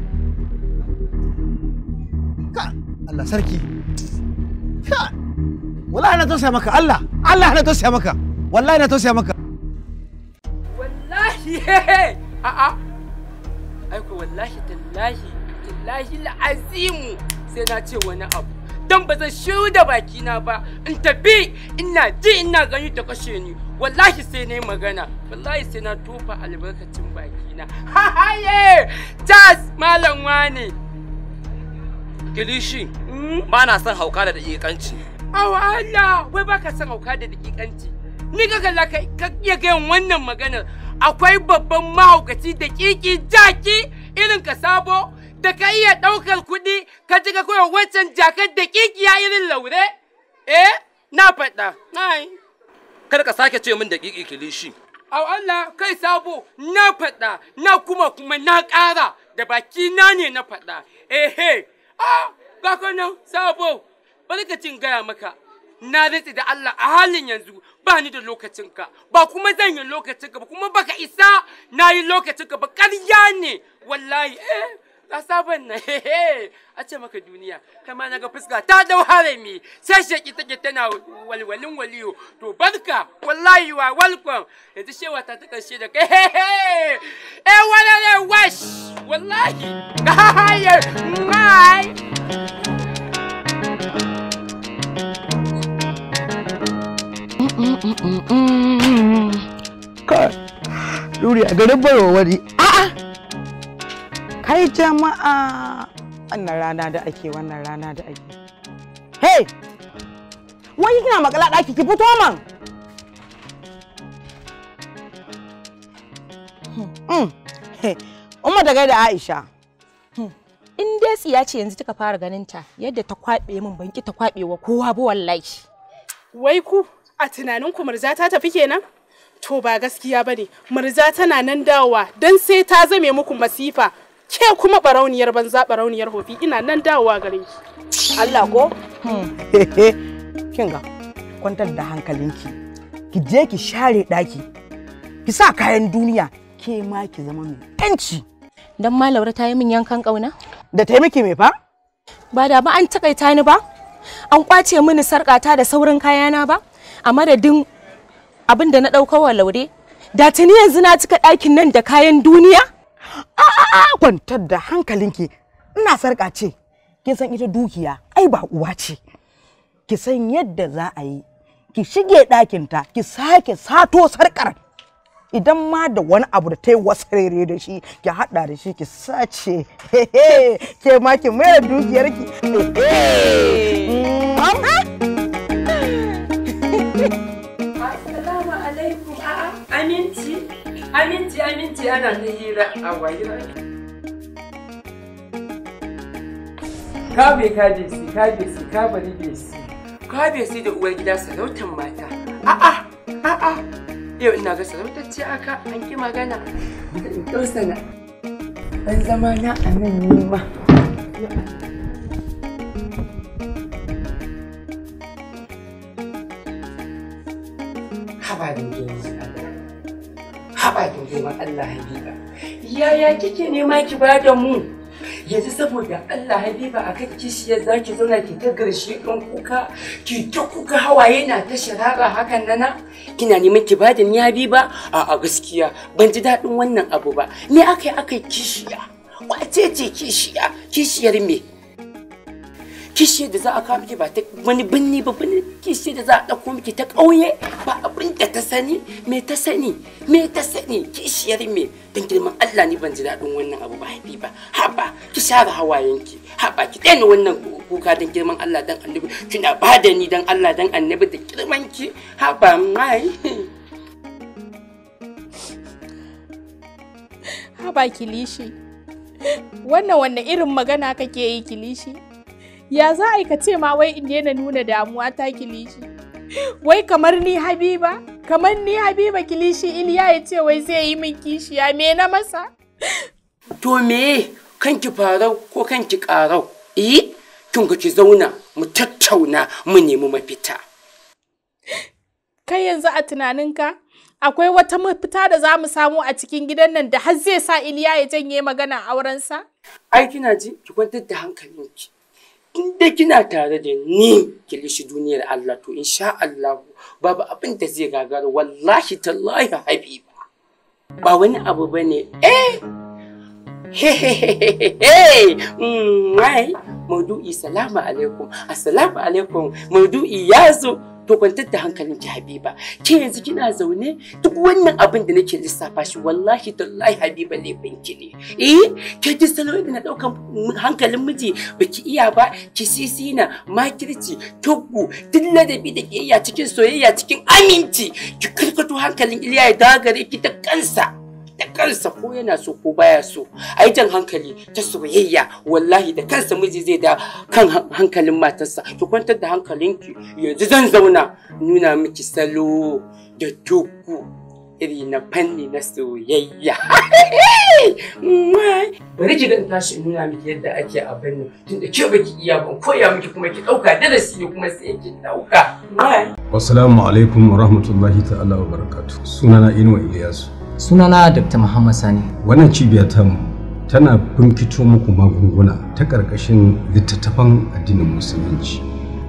ka Allah sarki ka wallahi na tausaya maka Allah Allah na tausaya maka wallahi na tausaya maka wallahi *laughs* a'a aiko wallahi tallahi billahi azimu sai na ce wani abu dan ba zan shiru da bakina ba in tafi ina ji ina gani ta kashe ni wallahi sai na yi magana wallahi sai na tofa albarkacin bakina *laughs* ha haye tas malam wane kilishi hmm? ba na son hauka da dakikanci A Allah wai baka son hauka da dakikanci ni kaga za ka iya gayan wannan maganar akwai babban mahaukaci da kiki jaki irin ka sabo da ka iya ɗaukar kuɗi ka ji ka koya wancan jakar da kikiya irin laure? Eh, na faɗa. Kar ka sake ce min da kiki kilishi. Au Allah kai sabo na faɗa na kuma kuma na ƙara da baki na ne na faɗa. Ehe, ah, ba nan sabo, barkacin gaya maka. na rantse da Allah a halin yanzu ba ni da lokacinka ba kuma zan yi lokacinka ba kuma baka isa na yi lokacinka ba ƙarya ne wallahi eh na sabon na *laughs* hehe a ce maka duniya kama na ga fuska ta dau harami sai sheki take tana walwalin waliyo to barka wallahi wa welcome yanzu shewa ta ta karshe da kai hehe eh walale wash wallahi *laughs* haye mai Kai, Duri a garin barwa wani. A'a! kai jama'a wannan rana da ake wannan rana da ake hey Wani kina makala daki ki fito man hmm, hmm. Umma da gaida Aisha. Hmm. In dai tsiya ce yanzu tuka fara ganin ta yadda ta kwabe min banki ta kwabe wa kowa bu wallahi. Wai ku a tunanin ku murza ta tafi kenan? To ba gaskiya bane. Murza tana nan dawowa dan sai ta zame muku masifa. ke kuma barauniyar banza barauniyar hofi ina nan dawowa gare ki Allah ko hmm. kin kwantar da hankalinki ki je ki share daki ki sa kayan duniya ke ma ki zama mai yanci dan ma Laura ta yi min yankan ƙauna? da ta miki me fa ba da ba an takaita ni ba an kwace mini ta da saurin kayana ba a madadin abin da na ɗaukawa wa laure da tuni yanzu na cika ɗakin nan da kayan duniya a'a kwantar da hankalinki ina sarƙa ce kin san ita dukiya ai ba uwa ce ki san yadda za a yi ki shige ɗakinta ki sake sato sarƙar idan ma da wani abu da ta yi wasarere da shi ki haɗa da shi ki sace ke ma ki mayar dukiyarki hmm? *laughs* Aminci? Aminci aminci ana ni hira a wayira. Kabe kabe si kabe si kabari be si. Kabe si da uwar gida sarautar mata. A'a a'a yau ina ga sarautar ce aka an ki magana. Ɗan sana. zama na a nan nema. Haba da haba domin Allah habiba yaya kike nema ki da mu yanzu saboda Allah habiba a kan kishiyar za ki zauna ki ta garshe ɗan kuka ki ta kuka hawaye na ta shirara hakan nana kina neman ki bada ni habiba a a gaskiya ban ji daɗin wannan abu ba me aka yi aka kishiya wace ce kishiya kishiyar me kishiyar da za a kawo miki ba ta wani binni ba binni kishiyar da za a ɗauko miki ta ƙauye ba abin da ta sani me ta sani me ta sani kishiyar me don girman Allah ni ban ji daɗin wannan abu ba haifi ba haba ki share hawayenki haba ki daina wannan kuka don girman Allah dan annabi kina ba da ni dan Allah dan annabi da girman ki haba mai haba kilishi wannan wanne irin magana kake yi kilishi ya za a yi ka ce ma wai in daina nuna damuwa ta kilishi wai kamar ni habiba kamar ni habiba kilishi iliya ya ce wai zai yi min kishiya me na masa to me kanki farau ko kanki karau eh kin ki zauna mu tattauna mu nemi mafita kai yanzu a tunaninka akwai wata mafita da za mu samu a cikin gidan nan da har zai sa iliya ya janye maganar aurensa ai kina ji ki kwantar da hankalinki inda kina tare da ni kilishi duniyar Allah to insha Allah babu abin da zai gagara wallahi tallahi habiba ba wani abu bane eh Mai, mm, maudu'i salama alaikum, assalamu alaikum, maudu'i ya zo to kwantar da ki Habiba ke yanzu kina zaune duk wannan abin da nake lissafa shi wallahi tallahi Habiba ki ne eh ke ji salo da na daukan hankalin miji baki iya ba ki sisina makirci tuggu duk ladabi da kiyayya cikin soyayya cikin aminci ki karkato hankalin Iliya ya dagare ki da kansa da kansa ko yana so ko baya so a yi jan hankali ta soyayya wallahi da kansa miji zai da kan hankalin matarsa ki kwantar da hankalinki yanzu zan zauna nuna miki salo da tuku iri na fanni na soyayya *laughs* bari ki dan tashi nuna miki yadda ake a fanni tunda ke baki iya ban koya miki kuma ki dauka darasi ne kuma sai ki dauka assalamu alaikum wa rahmatullahi ta'ala wa barakatuh sunana inuwa iliyasu sunana dr muhammad sani wannan cibiya mu tana binkito muku magunguna ta ƙarƙashin littattafan addinin musulunci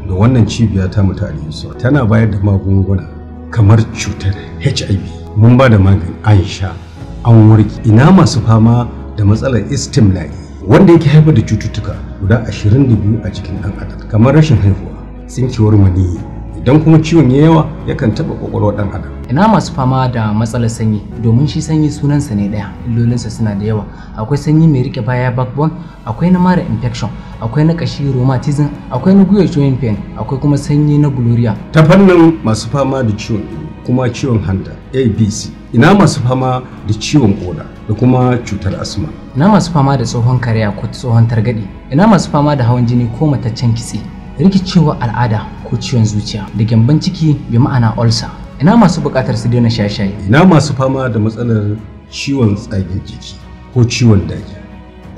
da wannan cibiya mu ta aliyu tana bayar da magunguna kamar cutar hiv mun ba da magani an an warke ina masu fama da matsalar istimla'i wanda yake haifar da cututtuka guda 22 a cikin ɗan adam kamar rashin haihuwa tsinkewar maniyyi idan kuma ciwon ya yawa yakan taɓa ƙwaƙwalwar ɗan adam ina masu fama da matsalar sanyi domin shi sanyi sunansa ne ɗaya illolinsa suna da yawa akwai sanyi mai rike baya backbone akwai na mara infection akwai na ƙashi rheumatism akwai na gwiwa joint pain akwai kuma sanyi na gloria ta fannin masu fama da ciwon kuma ciwon hanta abc ina masu fama da ciwon koda da kuma cutar asma ina masu fama da tsohon kariya ko tsohon targaɗe ina masu fama da hawan jini ko mataccen kitse rikicewar al'ada ko ciwon zuciya da gyambon ciki bi ma'ana ulcer ina masu buƙatar su daina shaye-shaye ina masu fama da matsalar ciwon tsagin jiki ko ciwon daji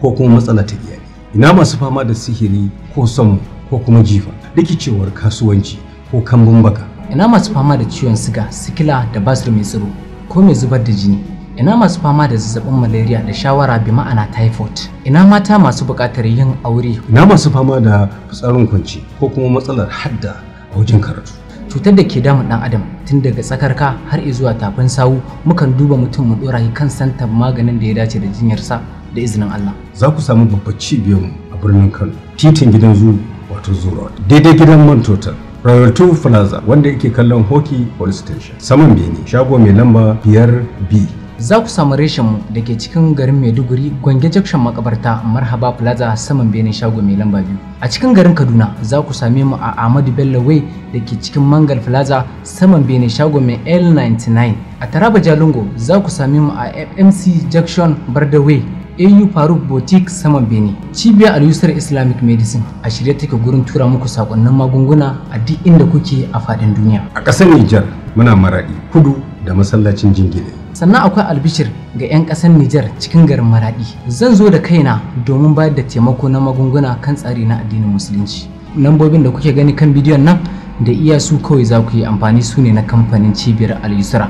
ko kuma matsala ta iyali ina masu fama da sihiri ko son ko kuma jifa rikicewar kasuwanci ko kambun baka ina masu fama da ciwon siga sikila da basir mai tsaro ko mai zubar da jini ina masu fama da zazzabin malaria da shawara bi ma'ana typhoid ina mata masu buƙatar yin aure ina masu fama da fitsarin kwanci ko kuma matsalar hadda a wajen karatu cutar da ke damun dan adam tun daga tsakarka har zuwa tafin sawu mukan duba mutum mu dora kan santar maganin da ya dace da jinyarsa da izinin Allah za ku samu babbar cibiyar a birnin Kano titin gidan zu wato zoo daidai gidan man total Royal Two Plaza wanda yake kallon Hockey Police Station saman Bene shago mai lamba 5B za ku samu reshen da ke cikin garin Maiduguri Gwange Jakshan makabarta Marhaba Plaza saman benin shago mai lamba biyu. A cikin garin Kaduna za ku same mu a Ahmadu Bello Way da ke cikin Mangal Plaza saman benin shago mai L99. A Taraba Jalingo za ku same mu a FMC Junction Barda Way AU Faruk Boutique saman Benin. Cibiyar al Islamic Medicine a shirye take gurin tura muku sakonnin magunguna a duk inda kuke a faɗin duniya. A ƙasar Nijar muna maraɗi kudu da masallacin jingine. sannan akwai albishir ga 'yan ƙasar Nijar cikin garin Maraɗi. Zan zo da kaina domin bayar da taimako na magunguna kan tsari na addinin Musulunci. Nambobin da kuke gani kan bidiyon nan da iya su kawai za ku yi amfani su ne na kamfanin cibiyar Al-Yusra.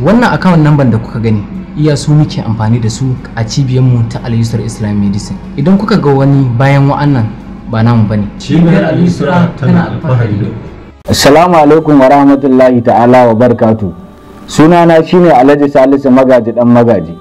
Wannan akawun lambar da kuka gani iya su muke amfani da su a cibiyarmu ta Al-Yusra Islam Medicine. Idan kuka ga wani bayan wa'annan ba namu bane. Cibiyar Al-Yusra tana alfahari da Assalamu alaikum wa rahmatullahi ta'ala wa barkatu. sunana shine alhaji salisu magaji dan magaji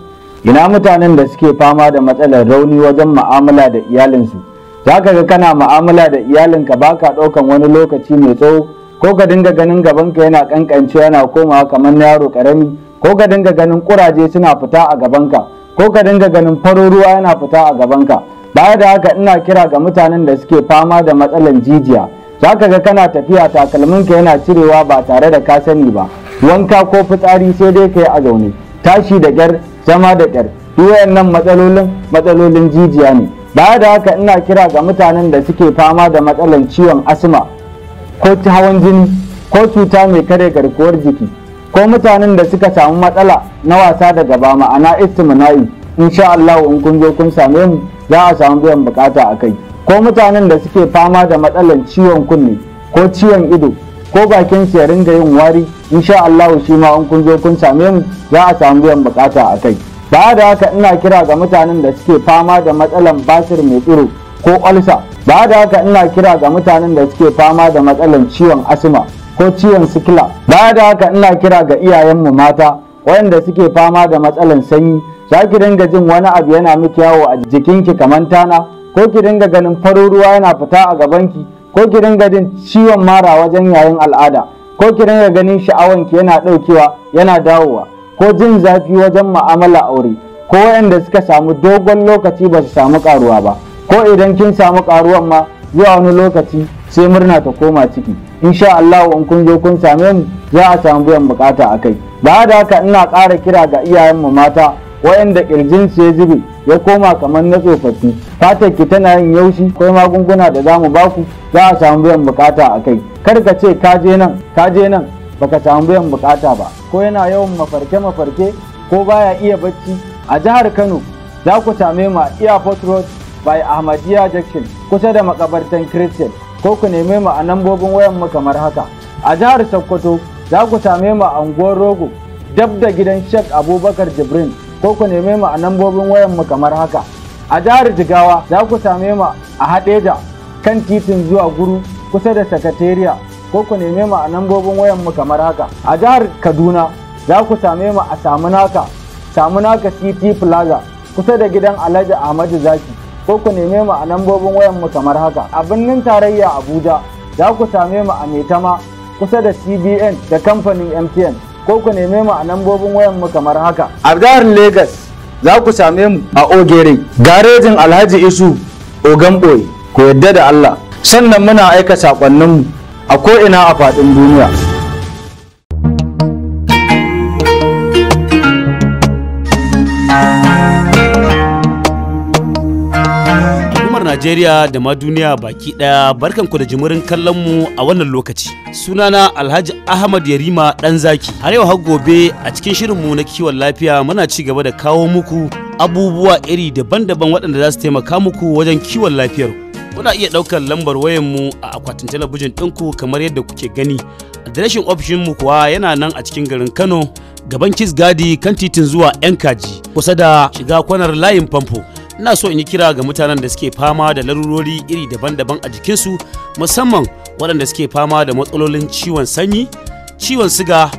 ina mutanen da suke fama da matsalar rauni wajen ma'amala da iyalinsu za ka ga kana ma'amala da iyalinka ba ka ɗaukan wani lokaci mai tsawo ko ka dinga ganin gabanka yana kankance yana komawa kamar yaro karami ko ka dinga ganin kuraje suna fita a gabanka ko ka dinga ganin farin yana fita a gabanka baya da haka ina kira ga mutanen da suke fama da matsalar jijiya za ka ga kana tafiya takalminka yana cirewa ba tare da ka sani ba wanka ko fitsari sai dai ka yi a zaune tashi da ƙyar zama da ƙyar duk nan matsalolin matsalolin jijiya ne baya da haka ina kira ga mutanen da suke fama da matsalan ciwon asma ko hawan jini ko cuta mai kare garkuwar jiki ko mutanen da suka samu matsala na wasa da gaba ma'ana istimna'i insha Allah in kun zo kun same mu za a samu biyan bukata a kai ko mutanen da suke fama da matsalan ciwon kunne ko ciwon ido ko bakin su ya ringa yin wari insha Allah shi ma in kun zo kun same mu za a samu biyan bukata a kai ba da haka ina kira ga mutanen da suke fama da matsalan basir mai tsiro ko olsa ba da haka ina kira ga mutanen da suke fama da matsalan ciwon asma ko ciwon sikila ba da haka ina kira ga iyayen mu mata waɗanda suke fama da matsalan sanyi za ki dinga jin wani abu yana miki yawo a jikinki kamar tana ko ki dinga ganin farin yana fita a gabanki ko ki dinga jin ciwon mara wajen yayin al'ada ko ki dinga ganin sha'awanki yana ɗaukewa yana dawowa ko jin zafi wajen mu'amala aure ko waɗanda suka samu dogon lokaci ba su samu karuwa ba ko idan kin samu karuwan ma zuwa wani lokaci sai murna ta koma ciki insha Allah in kun zo kun same mu za a samu biyan bukata akai ba da haka ina ƙara kira ga iyayen mu mata wayanda ƙirjin su ya zube ya koma kamar na tsofaffi fatar ki tana yin yaushi akwai magunguna da zamu baku za a samu biyan bukata a kai kar ka ce ka je nan ka je nan baka samu biyan bukata ba ko yana yawan mafarke mafarke ko baya iya bacci a jihar Kano za ku same mu a Airport Road by Ahmadiyya Junction kusa da makabartan Christian ko ku neme mu a nambobin wayan mu kamar haka a jihar Sokoto za ku same mu a unguwar Rogo dab da gidan Sheikh Abubakar Jibrin ko ku neme mu a nambobin wayan mu kamar haka a jihar jigawa za ku same mu a haɗeja kan titin zuwa guru kusa da sakatariya ko ku neme mu a nambobin wayan mu kamar haka a jihar kaduna za ku same mu a samunaka samunaka city plaza kusa da gidan alhaji ahmadu zaki ko ku neme mu a nambobin wayan mu kamar haka a birnin tarayya abuja za ku same mu a maitama kusa da cbn da kamfanin mtn ko ku neme mu a lambobin wayan mu kamar haka. A gar Legas za ku same mu a Ogere, garejin Alhaji Isu Ogamboy, ku yadda da Allah. Sannan muna aika sakonnin mu a ina a faɗin duniya. Najeriya da ma duniya baki ɗaya barkanku da jimurin kallon mu a wannan lokaci. Sunana Alhaji Ahmad Yarima ɗan zaki. Har yau har gobe a cikin shirin mu na kiwon lafiya muna ci gaba da kawo muku abubuwa iri daban-daban waɗanda za su taimaka muku wajen kiwon lafiyar. Kuna iya ɗaukar lambar wayanmu a akwatin talabijin ɗinku kamar yadda kuke gani. Adireshin ofishin mu kuwa yana nan a cikin garin Kano gaban Kisgadi kan titin zuwa 'yan kaji kusa da shiga kwanar layin famfo. ina so in yi kira ga mutanen da suke fama da larurori iri daban-daban a jikinsu musamman waɗanda suke fama da matsalolin ciwon sanyi ciwon siga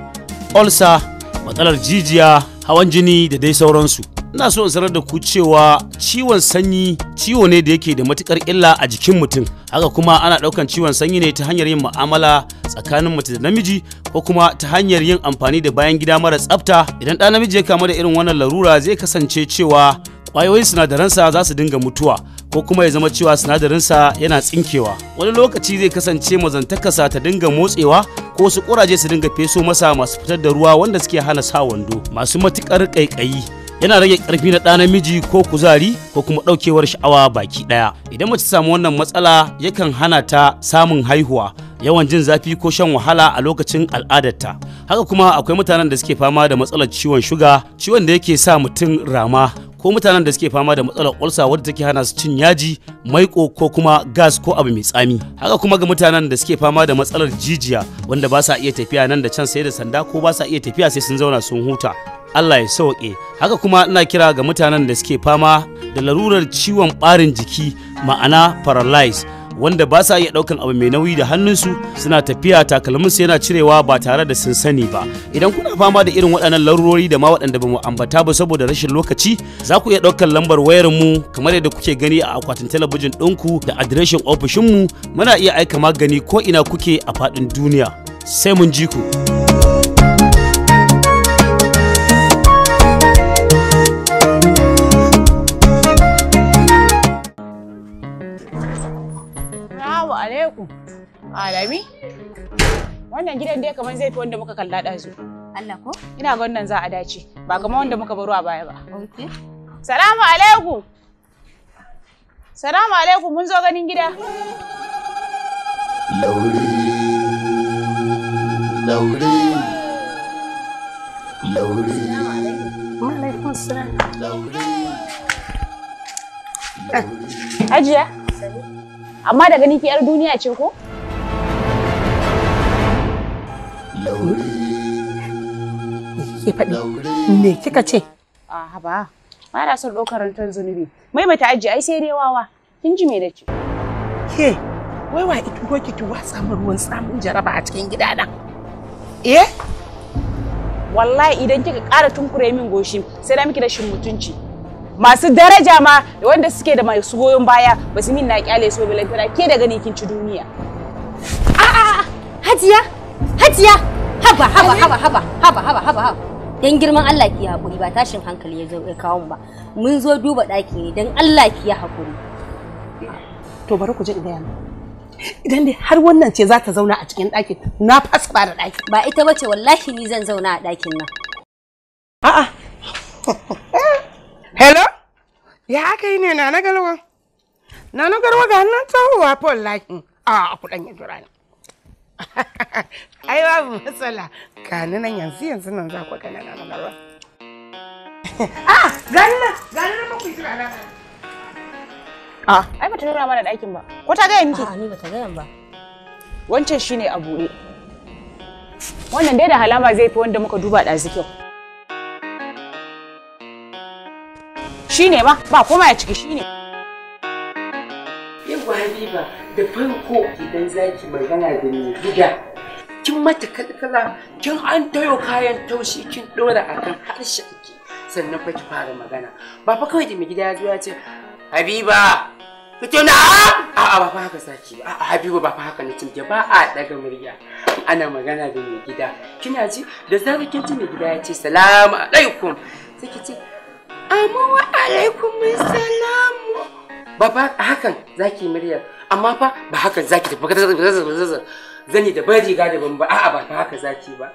olsa matsalar jijiya hawan jini da dai sauransu ina so in sanar da ku cewa ciwon sanyi ciwo ne da yake da matukar illa a jikin mutum haka kuma ana daukan ciwon sanyi ne ta hanyar yin mu'amala tsakanin mace da namiji ko kuma ta hanyar yin amfani da bayan gida mara tsafta idan ɗan namiji ya kama da irin wannan larura zai kasance cewa ƙwayoyin sinadaransa za su dinga mutuwa ko kuma ya zama cewa sinadarinsa yana tsinkewa wani lokaci zai kasance mazantakasa ta dinga motsewa ko su kuraje su dinga feso masa masu fitar da ruwa wanda suke hana sa wando masu matukar ƙaiƙayi yana rage ƙarfi na ɗa namiji ko kuzari ko kuma ɗaukewar sha'awa baki ɗaya idan mace ta samu wannan matsala yakan hana ta samun haihuwa yawan jin zafi ko shan wahala a lokacin al'adarta haka kuma akwai mutanen da suke fama da matsalar ciwon shuga ciwon da yake sa mutum rama ko mutanen da suke fama da matsalar ulsa wadda take hana su cin yaji maiko ko kuma gas ko abu mai tsami haka kuma ga mutanen da suke fama da matsalar jijiya wanda ba sa iya tafiya nan da can sai da sanda ko ba sa iya tafiya sai sun zauna sun huta Allah ya sauke haka kuma ina kira ga mutanen da suke fama da larurar ciwon ɓarin jiki ma'ana paralysis. wanda ba sa iya ɗaukan abu mai nauyi da hannunsu suna tafiya takalminsu yana cirewa ba tare da sun sani ba idan kuna fama da irin waɗannan larurori da ma waɗanda ba mu ambata ba saboda rashin lokaci za ku iya ɗaukan lambar wayar mu kamar yadda kuke gani a akwatin talabijin ɗinku da adireshin ofishinmu muna iya aika magani ko ina kuke a faɗin duniya sai mun ji ku. ku. Alami? Wannan gidan dai kamar zai fi wanda muka kalla ɗazu. Allah ko? Ina ga wannan za a dace. Ba kamar wanda muka baro a baya ba. Salamu alaikum. Salamu alaikum mun zo ganin gida. lauri, lauri. Laure. Alaikum salam. Laure. Hajiya. amma da gani ke yar duniya ce ko ke faɗi me kika ce a haba ba da son ɗaukar rantar zunubi mai mata aji ai sai dai wawa kin ji me da ce ke wai wa ita ko ki tuwa min ruwan samun jaraba a cikin gidana eh wallahi idan kika ƙara tunkure min goshi sai na miki rashin mutunci masu daraja ma da wanda suke da masu goyon baya ba su min na kyale so bilantana ke da gani kin ci duniya a'a hajiya hajiya haba haba haba haba haba haba haba haba dan girman Allah ki hakuri ba tashin hankali ya zo ya kawo mu ba mun zo duba daki ne dan Allah ki ya hakuri to bari ku je in gaya idan dai har wannan ce za ta zauna a cikin ɗakin na fasa da ɗakin ba ita bace wallahi ni zan zauna a ɗakin nan a'a hello ya aka yi ne na na galwa na na ga hannun tsohuwa paul lakin mm. a kudan ya jura ne. *laughs* ai babu matsala ka nan yanzu yanzu nan za ku ga na na garwa. ah *laughs* gani na gani na muku jira na a ai bata nuna mana ɗakin ba ko ta gaya miki a ni bata gaya ba wancan shine a buɗe wannan dai da halama zai fi wanda muka duba ɗazu kyau shine ma ba kuma ya ciki shine yawwa habiba da farko idan zaki magana da mai gida kin mata kalkala kin an tayo kayan taushi kin dora akan harshe ki sannan fa ki fara magana ba fa kawai da mai gida ya zo ya ce habiba fito na a'a ba fa haka saki a'a habiba ba fa haka nake ba a daga murya ana magana da mai gida kina ji da zarar kin ji mai gida ya ce salamu alaikum sai ki ce Amma wa alaikum salamu. Ba hakan zaki murya amma fa ba hakan zaki tafi zani da bari ga da ban ba a'a ba haka zaki ba.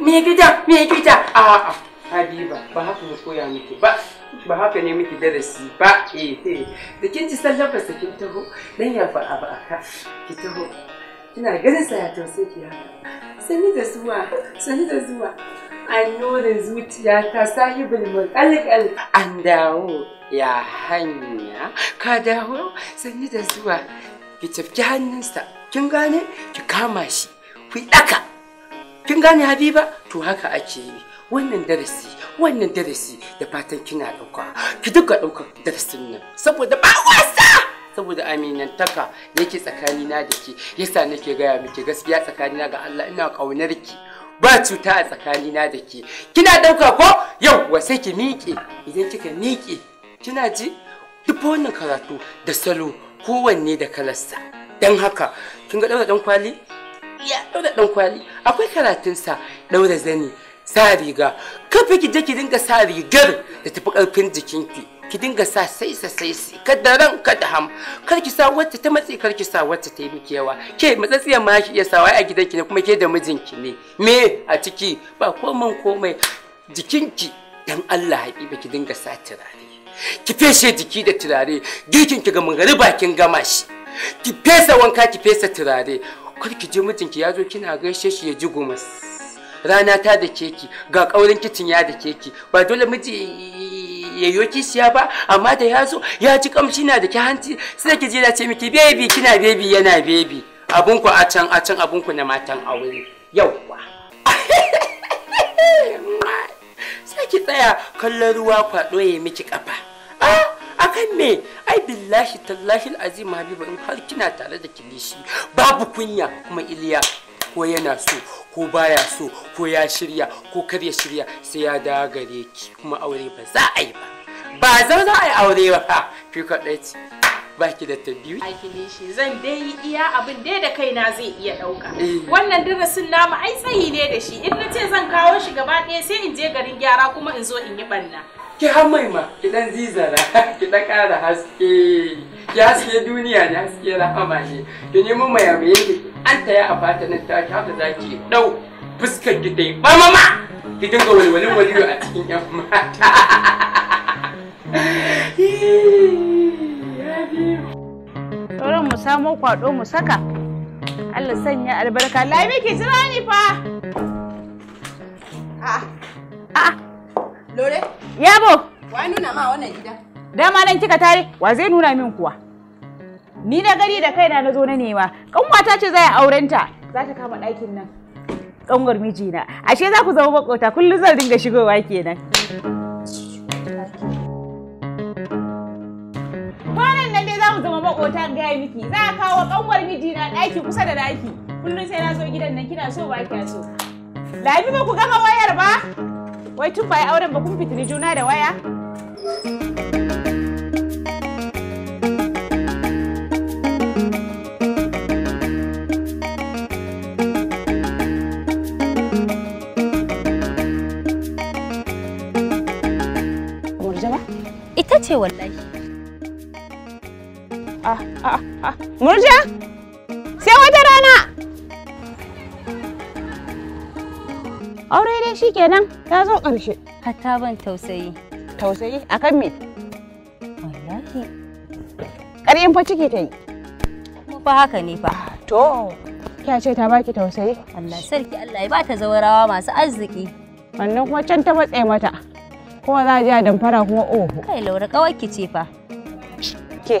Me gida me gida a'a Habiba ba haka ne koya miki ba ba haka ne miki darasi ba eh eh da kin ci sallafa sa kin taho dan ya fa abu aka ki taho kina ganin sa sai ki haka sani da zuwa sani da zuwa an nuna zuciya ta sahibul mukalkal an dawo ya hanya ka dawo sanyi da zuwa ki tafki hannunsa kin gane ki kama shi ku daka kin gane habiba to haka ake yi wannan darasi wannan darasi da fatan kina dauka ki duka dauka darasin nan saboda ba wasa saboda aminantaka yake tsakanina da ke yasa nake gaya miki gaskiya tsakanina ga Allah ina ƙaunar ki ba cuta a tsakanina da ke kina ɗauka ko yau sai ki miƙe idan kika miƙe kina ji duk wannan karatu da salo kowanne da kalarsa don haka kin ga ɗaura ɗan kwali ya ɗaura ɗan kwali akwai karatunsa ɗaura zani sa riga kafa ki je ki dinga sa rigar da tafi ƙarfin jikinki ki dinga sa sai sa sai sai kada ran kada ham kar ki sa wacce ta matsi kar ki sa wacce ta yi miki yawa ke matsatsiya ma ya iya sawa a gidanki ne kuma ke da mijinki ne me a ciki ba komai komai jikinki dan Allah haƙiƙa ki dinga sa turare ki fese jiki da turare girkin ki ga mangari bakin gama shi ki fesa wanka ki fesa turare kar ki je mijinki ya zo kina gaishe shi ya ji gumas rana ta da keki ga kaurin kicin ya da keki ba dole miji yayyo siya ba amma da ya zo ya ji kamshi na da ki hanci sai ki je da ce miki baby kina baby yana baby abun ku a can a can abun ku na matan aure yauwa *laughs* sai ki tsaya kallon ruwa kwaɗo ya miki kafa akan me ai billahi tallahi azim habiba in har kina tare da kilishi babu kunya kuma iliya ko yana so ko baya so ko ya shirya ko kar ya shirya sai ya dawo gare ki kuma aure ba za a yi ba ba za za a yi aure ba fa ce ba ki da tabbiyu a kine shi zan dai yi iya abin dai da kaina zai iya ɗauka eh. wannan darasin namu ai tsayi ne da shi in na ce zan kawo shi gaba ɗaya sai in je garin gyara kuma in zo in yi ɓanna ki har mai ma ki dan zizara *laughs* ki dan kara haske ki haske duniya ne haske rahama ne ki nemo mai abu ki an ta ya afata nan ta ki haka zaki dau fuskar ki dai ba mama ki dinga walwalin waliyo a cikin yan mata *laughs* Sauran mu samo kwado mu saka. Allah sanya albarka. lai miki jira ni fa. Ah. Ah. Lore? Yabo. Wa nuna ma wannan gida? da malam kika tare, wa zai nuna min kuwa? Ni da gari da kaina na zo na nema. Kanwata ce zai aurenta. Za ta kama ɗakin nan. Kanwar mijina. Ashe za ku zama maƙota kullum zan dinga shigowa kenan. Kwanan nan dai za mu zama makota gaya miki. Za a kawo kanwar mijina ɗaki kusa da ɗaki. Kullum sai na zo gidan nan kina so ba kya so. Lami ba ku gama wayar ba? Wai tun ba auren ba kun fitini juna da waya? Ita ce wallahi. Ah, ah, ah. Murja? Sai wata rana! Aure dai shi kenan ta zo ƙarshe. Hatta ban tausayi. Tausayi akan me? Wallahi. Ƙaryin fa ciki ta yi. Fa haka ne fa. To, kya ce ta baki tausayi? Allah sarki Allah ya ba ta zawarawa masu arziki. Wannan kuma can ta matse mata. Kuma za a ji a damfara kuma oho. Kai Laura kawai ki ce fa. Ke.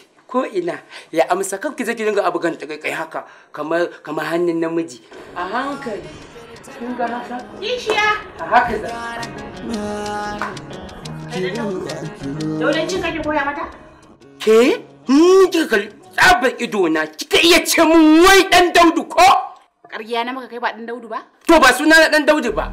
ko ina ya amsa kan ki zaki dinga abugan ta kai haka kamar kamar hannun namiji a hankali kin ga haka kishiya a haka za dole cin kake koya mata ke mun hmm, ki kal tsaba ido na kika iya ce mun wai dan daudu ko ƙarya na maka kai ba dan daudu ba to ba suna na dan daudu ba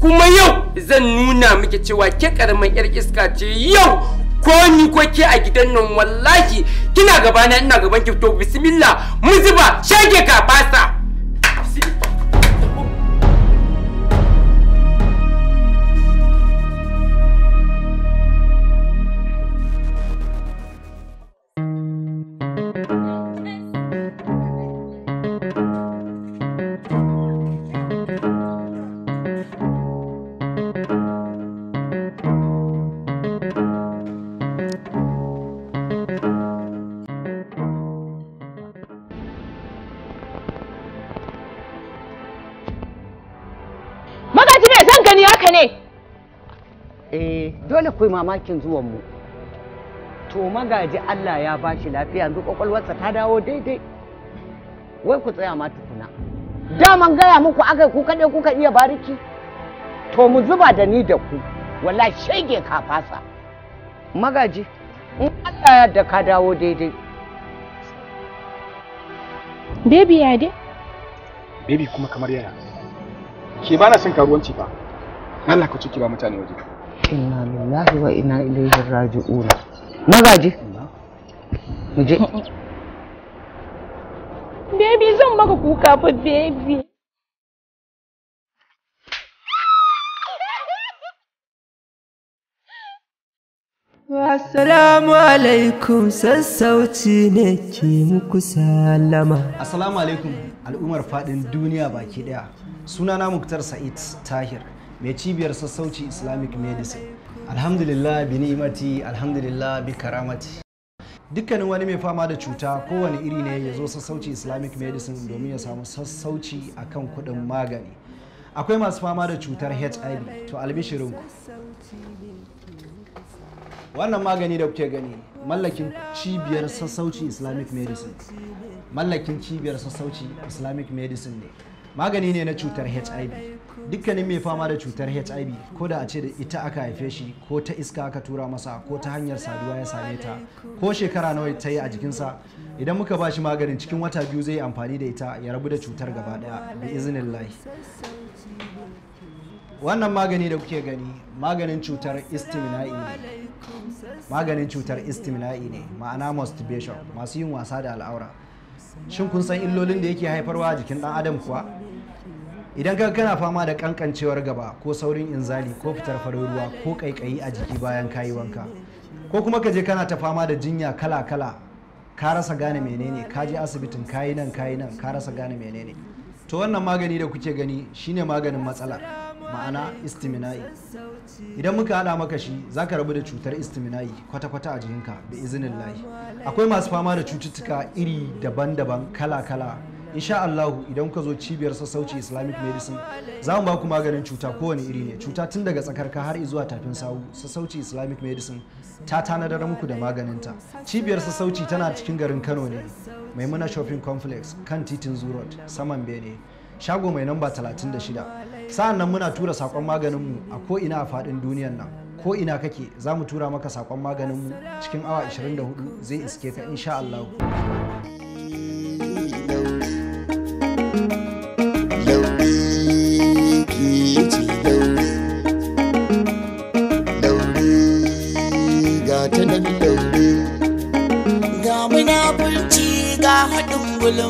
kuma yau zan nuna miki cewa ke karaman yar iska ce yau ko ni ko ke a gidan nan wallahi kina gaba gabana ina gaban ki to bismillah mun zuba shege ka fasa dole ku yi mamakin zuwan mu to magaji Allah ya bashi lafiya yanzu kwakwalwarsa ta dawo daidai wai ku tsaya ma tukuna daman gaya muku aka ku kaɗai kuka iya bariki to mu zuba da ni da ku wala shege ka fasa magaji in Allah ya da ka dawo daidai baby ya dai baby kuma kamar yaya ke ba na son karuwanci ba Allah ka ciki ba mutane waje inna lillahi wa inna ilaihi raji'un magaji mu je *laughs* baby zan maka kuka fa baby *laughs* Assalamu alaikum sassauci ne ke muku salama. Assalamu alaikum al'ummar faɗin duniya baki ɗaya. Sunana Muktar Sa'id Tahir. mai cibiyar sassauci islamic medicine alhamdulillah bi ni'imati alhamdulillah bi karamati dukkanin wani mai fama da cuta kowane iri ne ya zo sassauci islamic medicine domin ya samu sassauci akan kuɗin magani akwai masu fama da cutar hiv to ku. wannan magani da kuke gani mallakin cibiyar sassauci islamic medicine mallakin cibiyar sassauci islamic medicine ne magani ne na cutar hiv dukkanin mai fama da cutar hiv ko da a ce da ita aka haife shi ko ta iska aka tura masa ko ta hanyar saduwa ya same ta ko shekara nawa ta yi a jikinsa idan muka ba shi maganin cikin wata biyu zai amfani da ita ya rabu da cutar gaba daya da izinin lahi wannan magani da kuke gani maganin cutar istimina'i ne maganin cutar istimina'i ne ma'ana masturbation masu yin wasa da al'aura shin kun san illolin da yake haifarwa a jikin dan adam kuwa idan ka kana fama da kankancewar gaba ko saurin inzali ko fitar farin ruwa ko kaikayi a jiki bayan kayi wanka ko kuma ka je kana ta fama da jinya kala kala ka rasa gane menene ka je asibitin kayi nan kayi nan ka rasa gane menene to wannan magani da kuke gani shine maganin matsala ma'ana istimina'i idan muka hada maka shi zaka rabu da cutar istimina'i kwata-kwata a jikinka bi izinin lahi akwai masu fama da cututtuka iri daban-daban kala-kala insha Allahu idan ka zo cibiyar sassauci Islamic Medicine za mu ba ku maganin cuta kowane iri ne cuta tun daga tsakar ka har zuwa tafin sawu sassauci Islamic Medicine ta tanadar muku da maganinta cibiyar sassauci tana cikin garin Kano ne Maimuna Shopping Complex kan titin Zoo Road saman Bene shago mai namba 36 sa'an nan muna tura sakon maganinmu a ko ina a faɗin duniyan nan ko ina kake za mu tura maka sakon maganinmu cikin awa 24 zai iske ka insha Allah.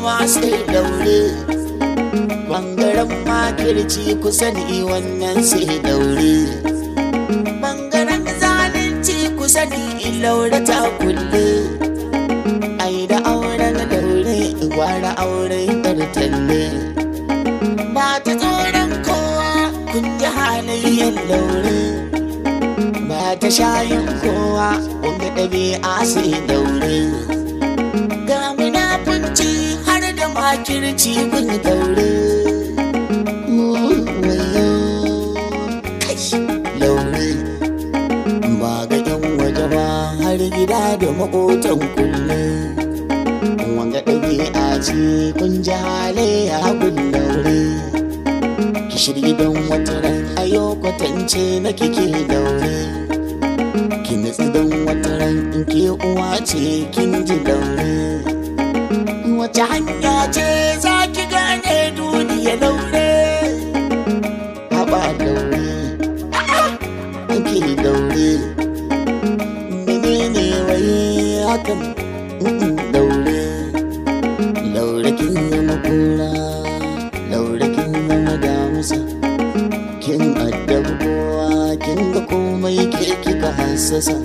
ma sai daure bangaren makirci ku sani wannan sai daure bangaren zalunci ku sani laura ta kulle ai da auren daure gwara auren tartalle ba ta tsoron kowa kun ji halayen daure ba ta shayin kowa ga ɗabi'a sai daure makirci kun daure laure ba ga yan waje ba har gida da makotan kulle wanga a ce kun ji ya kun daure ki shirgi don wata ran ayo kwatance na kike daure ki nutsu don wata ran in ke uwa ce kin ji daure wace hanya ce za ki gane duniya laure haba gauri ki daure menene waye hakan daure daure kin zama kura daure kin na damusa kin addabuwa kowa kin ga komai ke kika hasasa